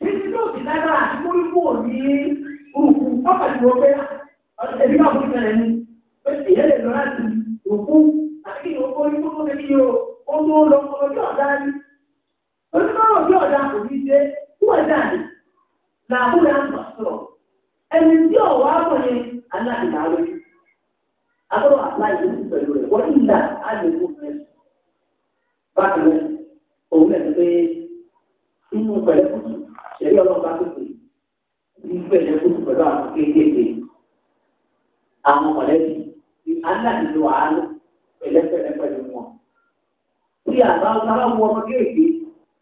A: kìí tó ti lágbára àti ní òkú pàpàtì pé ẹbí máa kú kẹlẹ̀ ni pé ìyẹn lè lọ láti òkú àti òkú ní kókó ní kí o ó mú lọ ọjọ́ ọ̀dá ni onímọ̀ ọ̀dọ́ ọ̀dá kò ní ṣe ẹni tí ọwa bọ̀ yẹn aláìlá lójú àtọ́wọ́ aláìlú pẹ̀lú rẹ̀ wọ́n ìlà àlèkù rẹ̀ bákan rẹ̀ òun ẹ̀ pé inú
B: pẹ̀lú kùtù ṣẹ̀rí kùtù pẹ̀lú àwọn kéékèèké
A: àwọn mọ̀lẹ́bí pẹ̀lú wọn. Bí àbá ọmọ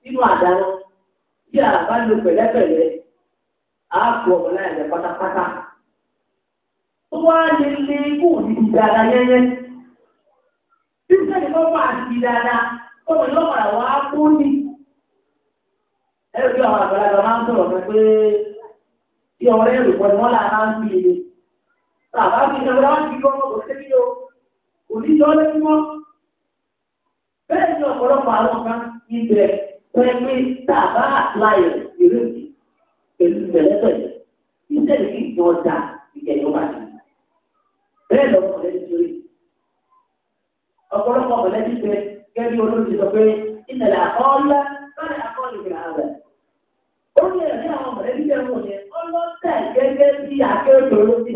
A: nínú àdáná, bí àbá lo pẹ̀lẹ́pẹ̀lẹ́ á eh, tu ọ̀rọ̀ láyà rẹ̀ pátápátá. Tó wá lè lé kó o dìbò dáadáa yẹ́yẹ́. Bí sẹ́ni bá wà sí dáadáa, ọmọ yóò padà wá kó ní. Ẹ̀rọ bí àwọn àgbàlagbà máa ń sọ̀rọ̀ fún pé bí ọ̀rẹ́ rẹ̀ pọ̀ ní wọ́n là máa ń fi èdè. Bàbá mi ní ọ̀rẹ́ ti gbọ́ kò sí kí o. Kò ní mọ́. Bẹ́ẹ̀ ni ọ̀pọ̀lọpọ̀ àwọn eh, kan ń bẹ̀ pẹ́ pé tàbá àtúláyọ̀ ìrètí pẹ̀lú pẹ̀lẹ́pẹ̀lẹ́ títẹ̀ ní ìjọ ọjà ìjẹ̀yọ́ bá ti. bẹ́ẹ̀ lọ mọ̀lẹ́bí torí ọ̀pọ̀lọpọ̀ mọ̀lẹ́bí pé gẹ́gẹ́ olóòtú sọ pé ìnàlẹ̀ àkọọ́lá lọ́dẹ̀ àkọọ́lù ìrìn àwẹ̀. ó ní ẹ̀rí àwọn mọ̀lẹ́bí tẹ̀ wọ̀ yẹn ọlọ́tẹ̀ gẹ́gẹ́ bí akérèdè ti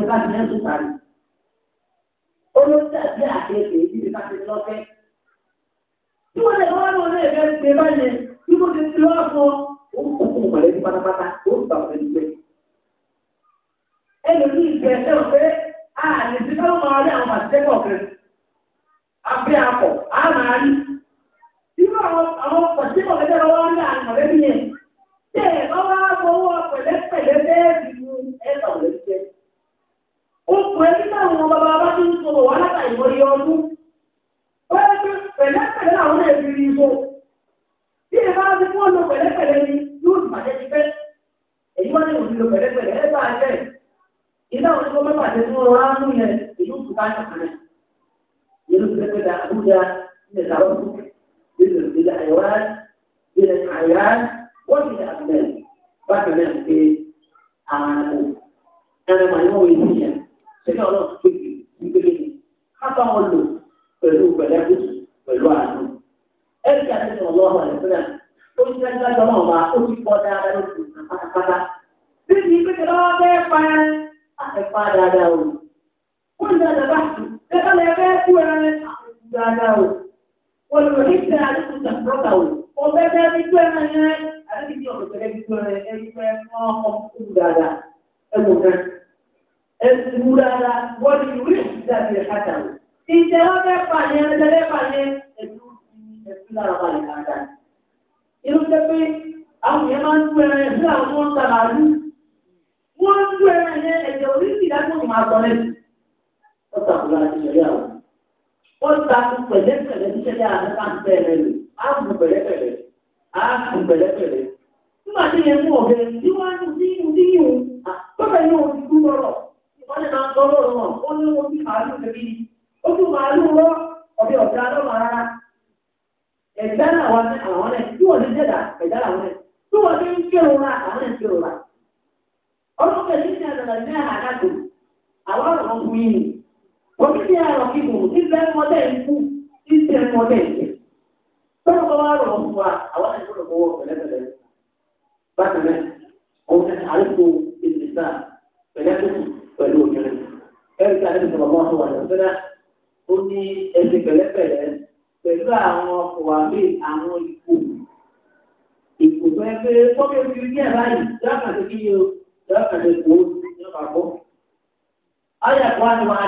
A: yẹn ti lọ́fẹ́. tí wọ́n lè wọ́n lọ́wọ́ ó ń kókó mọ̀lẹ́bí pátápátá ó ń gbà mọ̀lẹ́bí pé. ẹlòmíì ìgbẹ́ ẹ̀ṣẹ́ òfé àlè tí wọ́n máa rí àwọn àtẹ́kọ̀ọ́ kiri abẹ́ akọ̀ á máa rí. irú àwọn àwọn pàṣípọ̀ kẹ́kẹ́ lọ́wọ́ ń rí àwọn mọ̀lẹ́bí yẹn. tẹ́ ẹ bá wá fọwọ́ pẹ̀lẹ́pẹ̀lẹ́ bẹ́ẹ̀ bí mu ẹ gbà mọ̀lẹ́bí pé. ó pọ̀ ẹ́ nígbà wọn bàbá bá ti ń sọ̀rọ̀ wàhálà ìmọ̀ bí ẹ bá ti fún ọ̀nà pẹ̀lẹ́pẹ̀lẹ́ ni yóò ti bàjẹ́ ti pẹ́ èyí wọ́n ní òfin lo pẹ̀lẹ́pẹ̀lẹ́ ẹ bá jẹ́ iná òní kó mẹ́fà tẹ́ fún ọ̀rọ̀ ánú yẹn èyí ó tún bá yàn kàn yẹn ló ti fẹ́ pẹ́ da àbújá ilẹ̀ làwọn kù ilẹ̀ ilẹ̀ àyẹ̀wá ilẹ̀ àyà wọ́n ti àbẹ̀ bákan náà pé àwọn ẹ̀rọ màá yọ̀ wọ́n yìí yẹn ṣẹ́ni ọlọ́run kékeré kékeré ká bá wọn lò pẹ̀lú pẹ̀lẹ́pẹ̀lẹ́ pẹ̀lú àná dájú lájọ náà wà ó ti pọ̀ dáadáa ló ti nà pátápátá. Bí mi pété lọ́wọ́ bẹ́ẹ̀ pa ẹ́, á fẹ́ pa dáadáa o. Wọ́n ní dáadáa bá tù, ẹ̀ka lè fẹ́ kú ẹ dáadáa o. Wọ́n lò ní sẹ́ àdúgbò sàkúrọ́tà o. Ọ̀bẹ bẹ́ẹ̀ fi tú ẹran yẹn, àdúgbò ti ọ̀bẹ bẹ́ẹ̀ fi tú ẹran yẹn, ẹni fẹ́ fún ọkọ kú dáadáa. Ẹ wò ká. Ẹ wù dáadáa, wọ́n ní ìwé ìdájọ́ ẹ̀ pátá o. Ìjẹ́wọ́ bẹ́ẹ̀ pààyàn, ẹ̀ inú jẹ́ pé àwọn yẹn máa ń tú ẹran yẹn sílẹ̀ àwọn ń tàbá lú wọ́n ń tú ẹran yẹn ẹ̀jẹ̀ oríṣi ìdájọ́ ìmọ̀ àtọ̀lẹ́ wọ́n tàkùrọ̀ àti ìṣẹ̀lẹ̀ àwọn wọ́n takù pẹ̀lẹ́pẹ̀lẹ́ ìṣẹ̀lẹ̀ àwọn bá ń tẹ̀ rẹ̀ lò á kù pẹ̀lẹ́pẹ̀lẹ́ á kù pẹ̀lẹ́pẹ̀lẹ́ nígbà tí yẹn mú ọ̀bẹ tí wọ́n ń dín in dín in tọ́bẹ̀ yóò ti kú ẹ̀dá làwọn àwọn náà tí wọ́n ti jẹ́dá ẹ̀dá làwọn náà tí wọ́n ti ń kérora àwọn náà ń kérora. ọdún kẹsì ní àdàlà ní àdàkù àwọn ọ̀rọ̀ fún yín ni wọ́n ti ní àrọ̀ kíkù ní bẹ́ẹ̀ mọ́tẹ́ ń kú ní bẹ́ẹ̀ mọ́tẹ́ ń kẹ́. tọ́lọ́ bá wà rọ̀ fún wa àwọn náà gbọ́dọ̀ bọ́wọ́ pẹ̀lẹ́pẹ̀lẹ́ bákan náà
B: òun náà àlùkò ìdìsá pẹ̀lẹ́pẹ̀lẹ́ pẹ̀lú
A: òmìnir pẹ̀lú àwọn ọkùnrin àwọn ipò ipò tó yẹ pé ní ẹ̀rá yìí lọ́kàtà kí yóò lọ́kàtà kó ní ọ̀pá bọ́. ọ̀yà kó wá ní wàá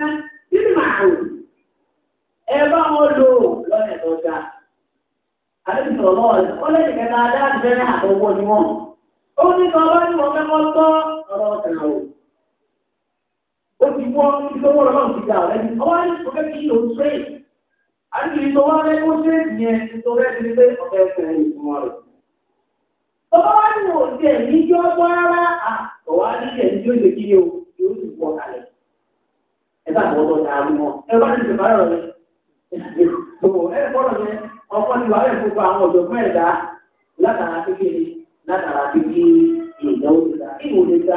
A: ná màá rò ẹ bá wọn lò lọ́nà tó ga. sọ̀rọ̀ lọ́wọ́ lẹ́yìn kẹta adáàbí àtọwọ́ ni wọ́n. ó ní bá ní wọn fẹ́ kọ́ tọ́ ọ̀rọ̀ ọ̀tàn ó ti wọ́n àti ìtọ́wá rẹ kó ṣe ìyẹn ìtọ́wá ti pé ọ̀fẹ́ fẹ̀rẹ̀ ìtumọ̀ rẹ̀. tọ́wá ní òde níjọ́ rárá àtọ̀wá níjẹ̀ níjọ́ ìlú kí ni o yóò sì wọ kalẹ̀. ẹ bá àwọn ọ̀dọ́ dàrú mọ́ ẹ bá níjẹ̀ bá rọ̀ ẹ gbọ́dọ̀ yẹn ọkọ ni wàhálà ìfowópamọ́ àwọn ọ̀dọ́gbọ́n ẹ̀dá látara kékeré látara kékeré ìnáwó ìgbà ìwò lè gba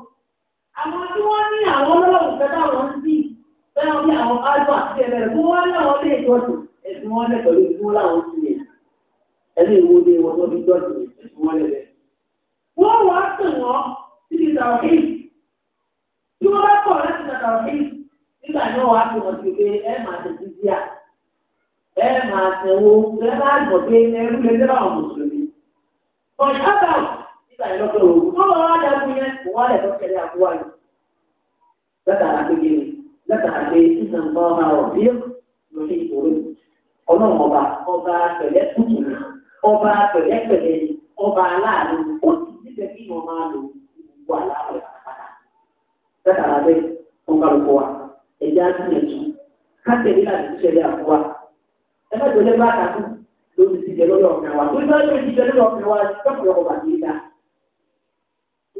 A: àwọn tí wọ́n ní àwọn ọlọ́run fẹ́ táwọn ń bí bẹ́ẹ̀ wọ́n ní àwọn alfa àti ẹ̀rẹ̀ fún wọn ní àwọn ilé ìtọ́jú ẹ̀sùn wọn lẹ̀ pẹ̀lú ìfún wọn láwọn ti yẹn ẹni ìwo ni wọn tó fi tọ́jú ẹ̀sùn wọn lẹ̀ bẹ́ẹ̀. wọ́n wá sùn wọn síbi tàwọ̀kì tí wọ́n bá kọ̀ láti nà tàwọ̀kì nígbà náà wàá fi wọn síbi ẹ máa tẹ̀ sí díà ẹ máa tẹ̀wọ́ ẹ máa gbọ̀ pé ẹrú lè dẹ́ sáyẹn lọ́pẹ́ òru wọ́n bá wá dá fún yẹn wọ́n lẹ̀ lọ́pẹ́ rẹ̀ àbúwá yìí. látara pé kiri látara pé sísan bá ọba rọ̀ bí lórí ìkórè ọlọ́run ọba ọba pẹ̀lẹ́ kùtù ọba pẹ̀lẹ́ pẹ̀lẹ́ ọba aláàánú ó sì níbẹ̀ kí wọ́n máa lò gbogbo àlàáfẹ́ pátá. látara pé wọ́n bá lọ́pọ̀ wa ẹ̀já gbìyànjú kátẹ̀lé láti ṣẹlẹ̀ àbúwá ẹ lórí ti lórí bá lórí ti lórí ọ̀kẹ́ wa lọ́pọ̀lọpọ̀ bàbá yìí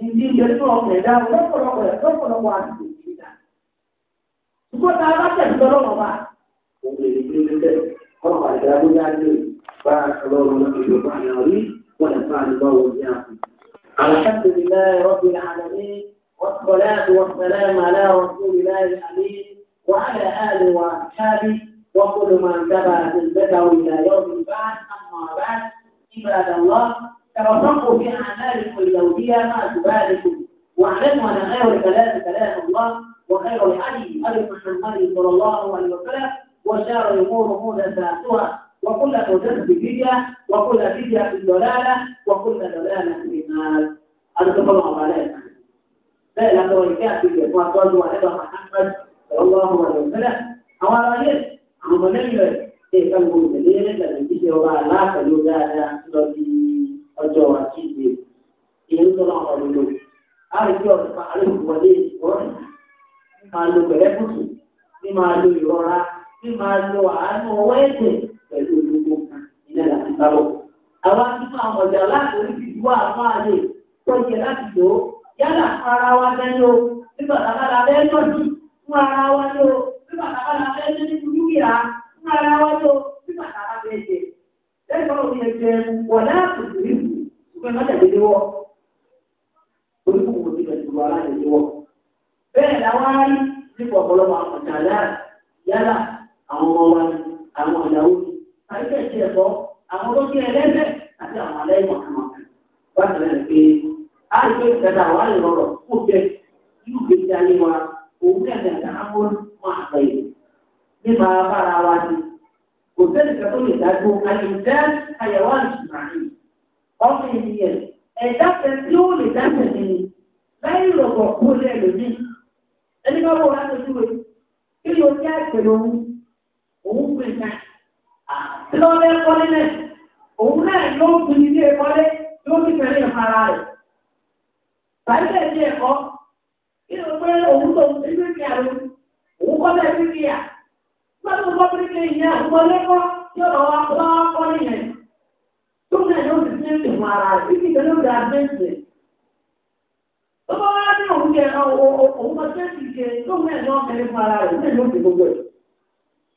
B: ìdí ìgbésùn ọkọ̀ ẹ̀dá
A: lọ́pọ̀lọpọ̀ lọ́pọ̀lọpọ̀ àdìgbò ìdá. Ṣùgbọ́n tá a bá tẹ̀lé tọ́lọ́ wọn bá. Òun lè ní kílódé bẹ́ẹ̀, ọlọ́pàá àti àbújá ní bá ọlọ́run náà ìlú bá yàn rí wọ́n lè fún àdìgbò àwọn òbí àpò. الحمد لله رب العالمين والصلاة والسلام على رسول الله الأمين وعلى آله وأصحابه وكل من تبع سنته إلى يوم البعث أما بعد عباد الله ترفقوا في أعمالكم الزوجية مع زوجاتكم واعلموا أن خير الكلام كلام الله وخير الحديث أبي محمد صلى الله عليه وسلم وشار الأمور محدثاتها وكل في بدعة وكل في الدلالة وكل دلالة في المال أنتم الله علينا لا لا تولكات في الإخوان محمد صلى الله عليه وسلم àwọn ará ilé àwọn ọmọ lẹ́yìn rẹ̀ ṣe ìfẹ́ gbogbo ìdílé nígbà لا kí لا لا ọjọ́ àjíǹde ìyẹn tó náà wọlé lò láàrin bí ọ̀sán kan alẹ́ kò máa lo pẹ̀lẹ́kùtù ní máa lo ìrọ̀ra ní máa lo àánú ọwọ́ ẹ̀jẹ̀ pẹ̀lú olóko ìyẹn láti bá lọ. àwa nínú àwọn ọ̀jà láti orí ti wá àwọn àlè tọ́jú láti lò ó yálà ara wa lẹ́nu o nígbà tábà la bẹ́ẹ̀ tọ́jú fún ara wa lò ó nígbà tábà la bẹ́ẹ̀ tọ́jú fún dúkìá fún ara wa lò ó nígbà tábà bẹ́ẹ̀ jẹ. lẹ́gbọ̀n pé má tẹ̀lé wọ́ oníkókò ti bẹ̀rẹ̀ ìwà aláìlè wọ́. bẹ́ẹ̀ làwọn á rí nípa ọ̀pọ̀lọpọ̀ àwọn ọ̀tá aláàrẹ̀ yálà àwọn ọmọ wa ni àwọn ìyàwó ni àyíká ìṣe ẹ̀kọ́ àwọn tó kí ẹlẹ́sẹ̀ àti àwọn aláìmọ̀ àwọn bákan náà pé á rí pé ìtẹ̀dá wa lè rọrọ̀ kó jẹ inú gbèsè ayé wa òun kẹ̀kẹ́ àti àwọn máa pẹ̀ yìí nípa bára wa ni kò sẹ́ni kẹ́kọ̀ọ́ lè dájú àyè ọmọ ènìyàn ẹ̀dá kan ó lè dá tẹ̀lé ni láì rọ̀bọ̀ kó lé ẹlòmíì ẹni bá wọ láti ojú rẹ kí ni ojú àgbẹ̀ lòun òun pè ká tí wọ́n bẹ́ẹ̀ kọ́lé náà òun náà yóò fún ní ilé kọ́lé yóò fi tẹ̀lé ìfara rẹ̀ báyìí bẹ́ẹ̀ ní ẹ̀kọ́ kí ni pé òun tó ń tẹ́lẹ̀ ní àlọ́ òun kọ́ bẹ́ẹ̀ ní ìyá gbọ́dọ̀ kọ́ bí ní ìyá òun kọ́lé kọ́ yóò lọ́wọ́ kọ́lé yẹn. lókè ní oṣù tí ń sìn fún ara rẹ̀ títí ìtẹ́lẹ́ òde àgbẹ̀sì. tó bá wá ní òun jẹ òun bá ti jẹ fún ara rẹ̀ lókè ní oṣù gbogbo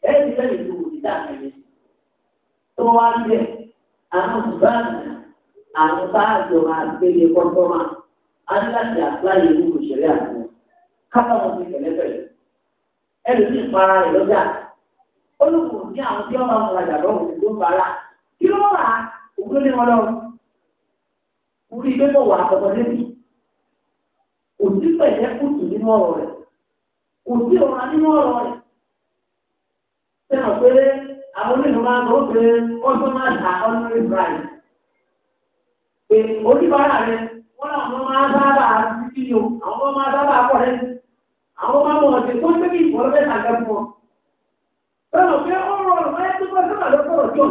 A: ẹ̀ ẹ̀ ti lẹ́yìn àwọn àwọn báàgì kọ́ńtọ́mà ní òkú ní wọn lọ orí ilé bọ̀ wà àtọ̀tọ̀ lébi kò sí pẹ̀lẹ́ kùtù nínú ọ̀rọ̀ rẹ̀ kò sí ọ̀rọ̀ nínú ọ̀rọ̀ rẹ̀ sẹ́wọ̀n pé àwọn onílù máa ń lọ pé ọdún máa ta ọdún rí bíráì pé oníbàárà rẹ̀ wọ́n làwọn máa ń sábà títí o àwọn máa ń sábà pọ̀ rẹ̀ àwọn máa mọ̀ ọ̀sẹ̀ tó ń gbé kí ìfọ̀rọ̀ bẹ́ẹ̀ tàgẹ́ fún ọ. sẹ́wọ̀n pé ọ̀rọ̀ ọ̀rọ̀ máa ń tó bá sábà lọ́sọ̀rọ̀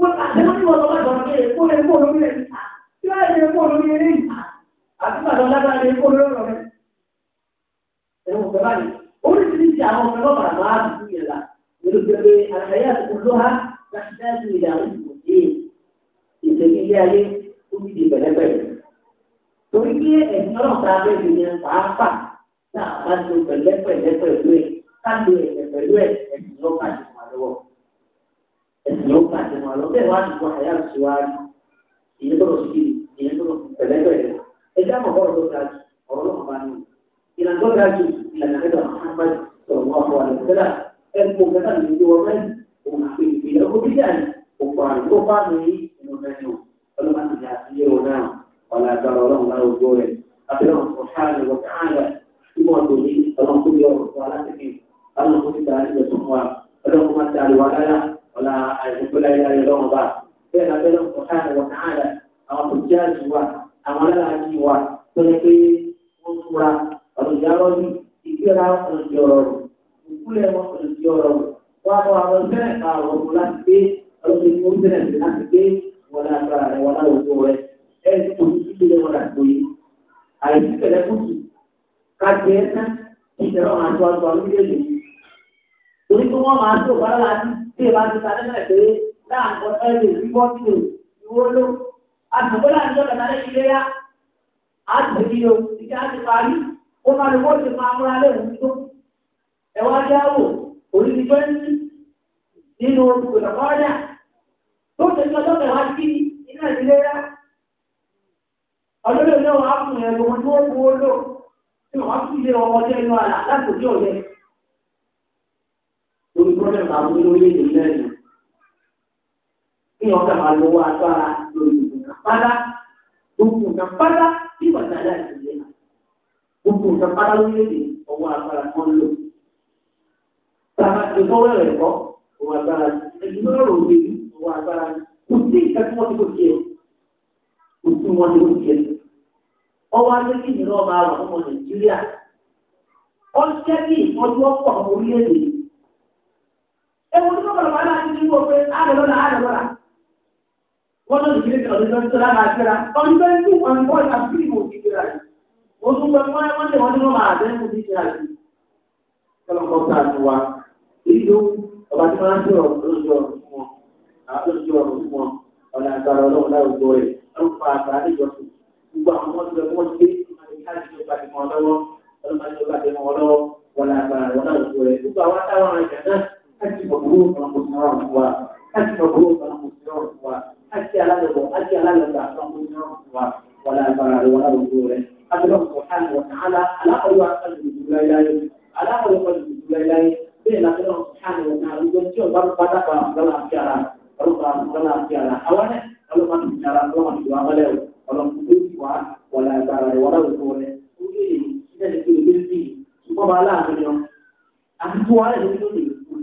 A: wọ́n àtẹ́wọ́ ní wọ́n lọ́wọ́ àwọn ọ̀rẹ́ kó lè kó lórí rẹ̀ níta tí wọ́n lè kó lórí rẹ̀ níta àti bàtà lágbára lè kó lórí rẹ̀. ẹ̀wọ̀n bẹ́ẹ̀ báyìí oríṣiríṣi àwọn ọ̀rẹ́ lọ́wọ́ àwọn àdúgbò yẹn la lórí pẹ̀lú àtàyà àtúkò lọ́ha láti dájú ìyá ìgbò yìí ìṣèlú ilé ayé ó fi di pẹ̀lẹ́pẹ̀lẹ́. torí pé ẹ̀sìn ọlọ́ọ̀ta abẹ́rẹ́ yẹn pàápàá náà bá lo pẹ̀lẹ́pẹ̀lẹ́ pẹ̀lú ẹ̀ ẹ̀sìn ló gbà tẹnu àlọ́ bẹ́ẹ̀ wá nìkan àyà ìṣòwárí ìyẹn tó lọ sí kiri ìyẹn tó lọ pẹ̀lẹ́pẹ̀lẹ́ ẹjẹ́ àmọ́ bọ́ọ̀lù tó ga jù ọ̀rọ̀ náà bá ní ìlànà tó ga jù ìlànà tó ga jù Muhammad sọ̀rọ̀ wọn fọ àlọ́ tẹ́lá ẹ kó kẹta ní ìdí wọn mẹ́rin òun àti ìpìlẹ̀ ọkọ̀ bíjà ni òkò àrùn tó bá mi inú mẹ́rin o ọlọ́mọdé ni àti yé náà ọ̀là àgbàrá ọlọ́run lára ojú rẹ̀ abẹ́rẹ́ ọ̀sán ṣáà ni wọ́n ká àgbà tí tó ní ọlọ́run tó yọ ọ̀rọ̀ fún alátẹ̀kẹ́ alọ́run tó ti gbà á ní ẹ̀sùn wa ọlọ́run máa ń darí wa àìsíkú láyéláyé lọ́wọ́ bá bẹ́ẹ̀ náà bẹ́ẹ̀ lọ́wọ́ káàdì wọ̀ káàdà àwọn tó jẹ́ àjù wa àwọn aláàjì wa tó yẹ pé wọ́n fura ọ̀rọ̀ ìyá lọ́dún ìgbéra ọ̀rọ̀ bottle wò pé àdàlọ́là àdàlọ́là wọ́n lọ́dún kí lẹ́sẹ̀ ọ̀dọ́ tó lára àṣírà ọdún bẹ́ẹ̀ ní wọn kọ́ àbúrò ìmọ̀ òkè kíra rẹ̀ ó tún pẹ́ wọ́n wọ́n lè wọ́n ní wọ́n máa àdé ní òkè kíra rẹ̀ kọ́lọ́kọ́ ká ní wa èyí ló ọba tí wọ́n á jọ lójú fún wọn lójú ọ̀rọ̀ fún wọn ọ̀nà àgbàrá ọlọ́run láwùjọ rẹ̀ ló fa àgbà أجل مبروك رمضان هو أجل مبروك رمضان هو أجل لدغ أجل لدغ رمضان هو ولا برع ولا ظهور أجل سبحانه وتعالى على أول قلب جلالي على أول قلب جلالي بين أجل سبحانه وتعالى يجب برق بدأ ولا أفكارا ربا ولا أفكارا أولا ولا أفكارا ولا أفكارا ولا أفكارا ولا أفكارا ولا ظهور وإيه إذا لكي يجب فيه سبحانه وتعالى أهدوا على ذلك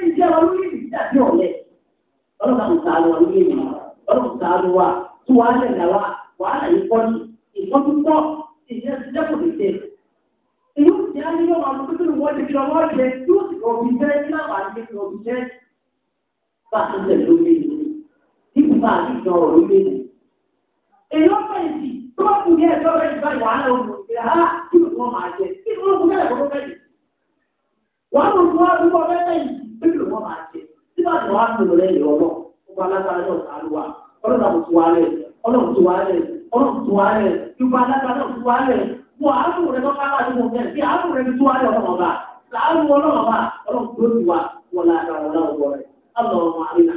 A: ṣé ìjẹ́ wa lórí ìdíjà bí ọ̀lẹ́ ọlọ́run àwọn sáà lọ ní èyí ọlọ́run sáà lọ wa tí wàá lẹ̀ dà wa wàhálà yìí pọ̀ ní ìkan tó pọ̀ ìjẹ́ ti dẹ́kun lè dé. èyí ti á ní yọ̀wọ̀ àwọn pípé wọ́n ti fi ọwọ́ jẹ tí ó sì òbí jẹ́ tí àwọn àti fi òbí jẹ́ bá a ti tẹ̀ lórí ìlú níbi bá a ti jọ ọ̀rọ̀ lórí ìlú. èyí ó fẹ́ ìdí tó bá kú ní ẹ̀jọ́ wàá lò fún àdúgbò mẹ́ta yìí bíbí wọn máa ṣe nígbà tí wàá lò lẹ́yìn ọlọ́ ọba alágbára náà ta ló wa ọlọ́run àwọn tó wà lẹ̀ ọlọ́run tó wà lẹ̀ ọlọ́run tó wà lẹ̀ ìwà alágbára náà tó wà lẹ̀ mo àánú rẹ lọ́ka wà ní mo bẹ̀rẹ̀ bí àánú rẹ tó wà lẹ̀ ọlọ́run ọba làánú ọlọ́run ọba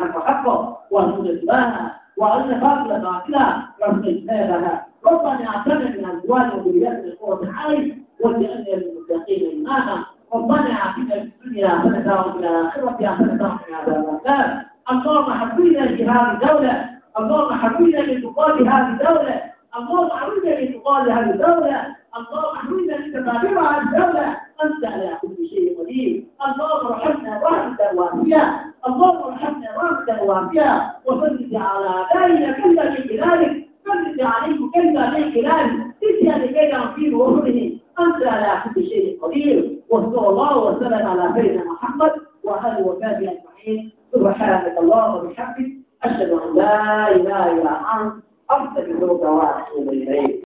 A: حق حقه وارزقنا اتباعه وارزقنا باطلا باطلا وارزقنا اجتنابها ربنا اعتنا من ازواجنا وذرياتنا قرة اعين واجعلنا ربنا عافينا في الدنيا حسنة وفي الآخرة حسنة في هذا النار اللهم حبينا لهذه الدولة اللهم حبينا لانتقال هذه الدولة اللهم حبينا لانتقال هذه الدولة اللهم حبينا لتدابير هذه الدولة أنت على كل شيء قدير اللهم ارحمنا رحمة وافية اللهم ارحمنا رحمة وافية وسدد على دارنا كل من خلالك سدد عليه كل من خلالك اسأل لكي في وحده أنت على كل شيء قدير وصلى الله وسلم على سيدنا محمد وآله وصحبه أجمعين سبحانك اللهم وبحمدك أشهد أن لا إله إلا أنت أستغفرك وأتوب إليك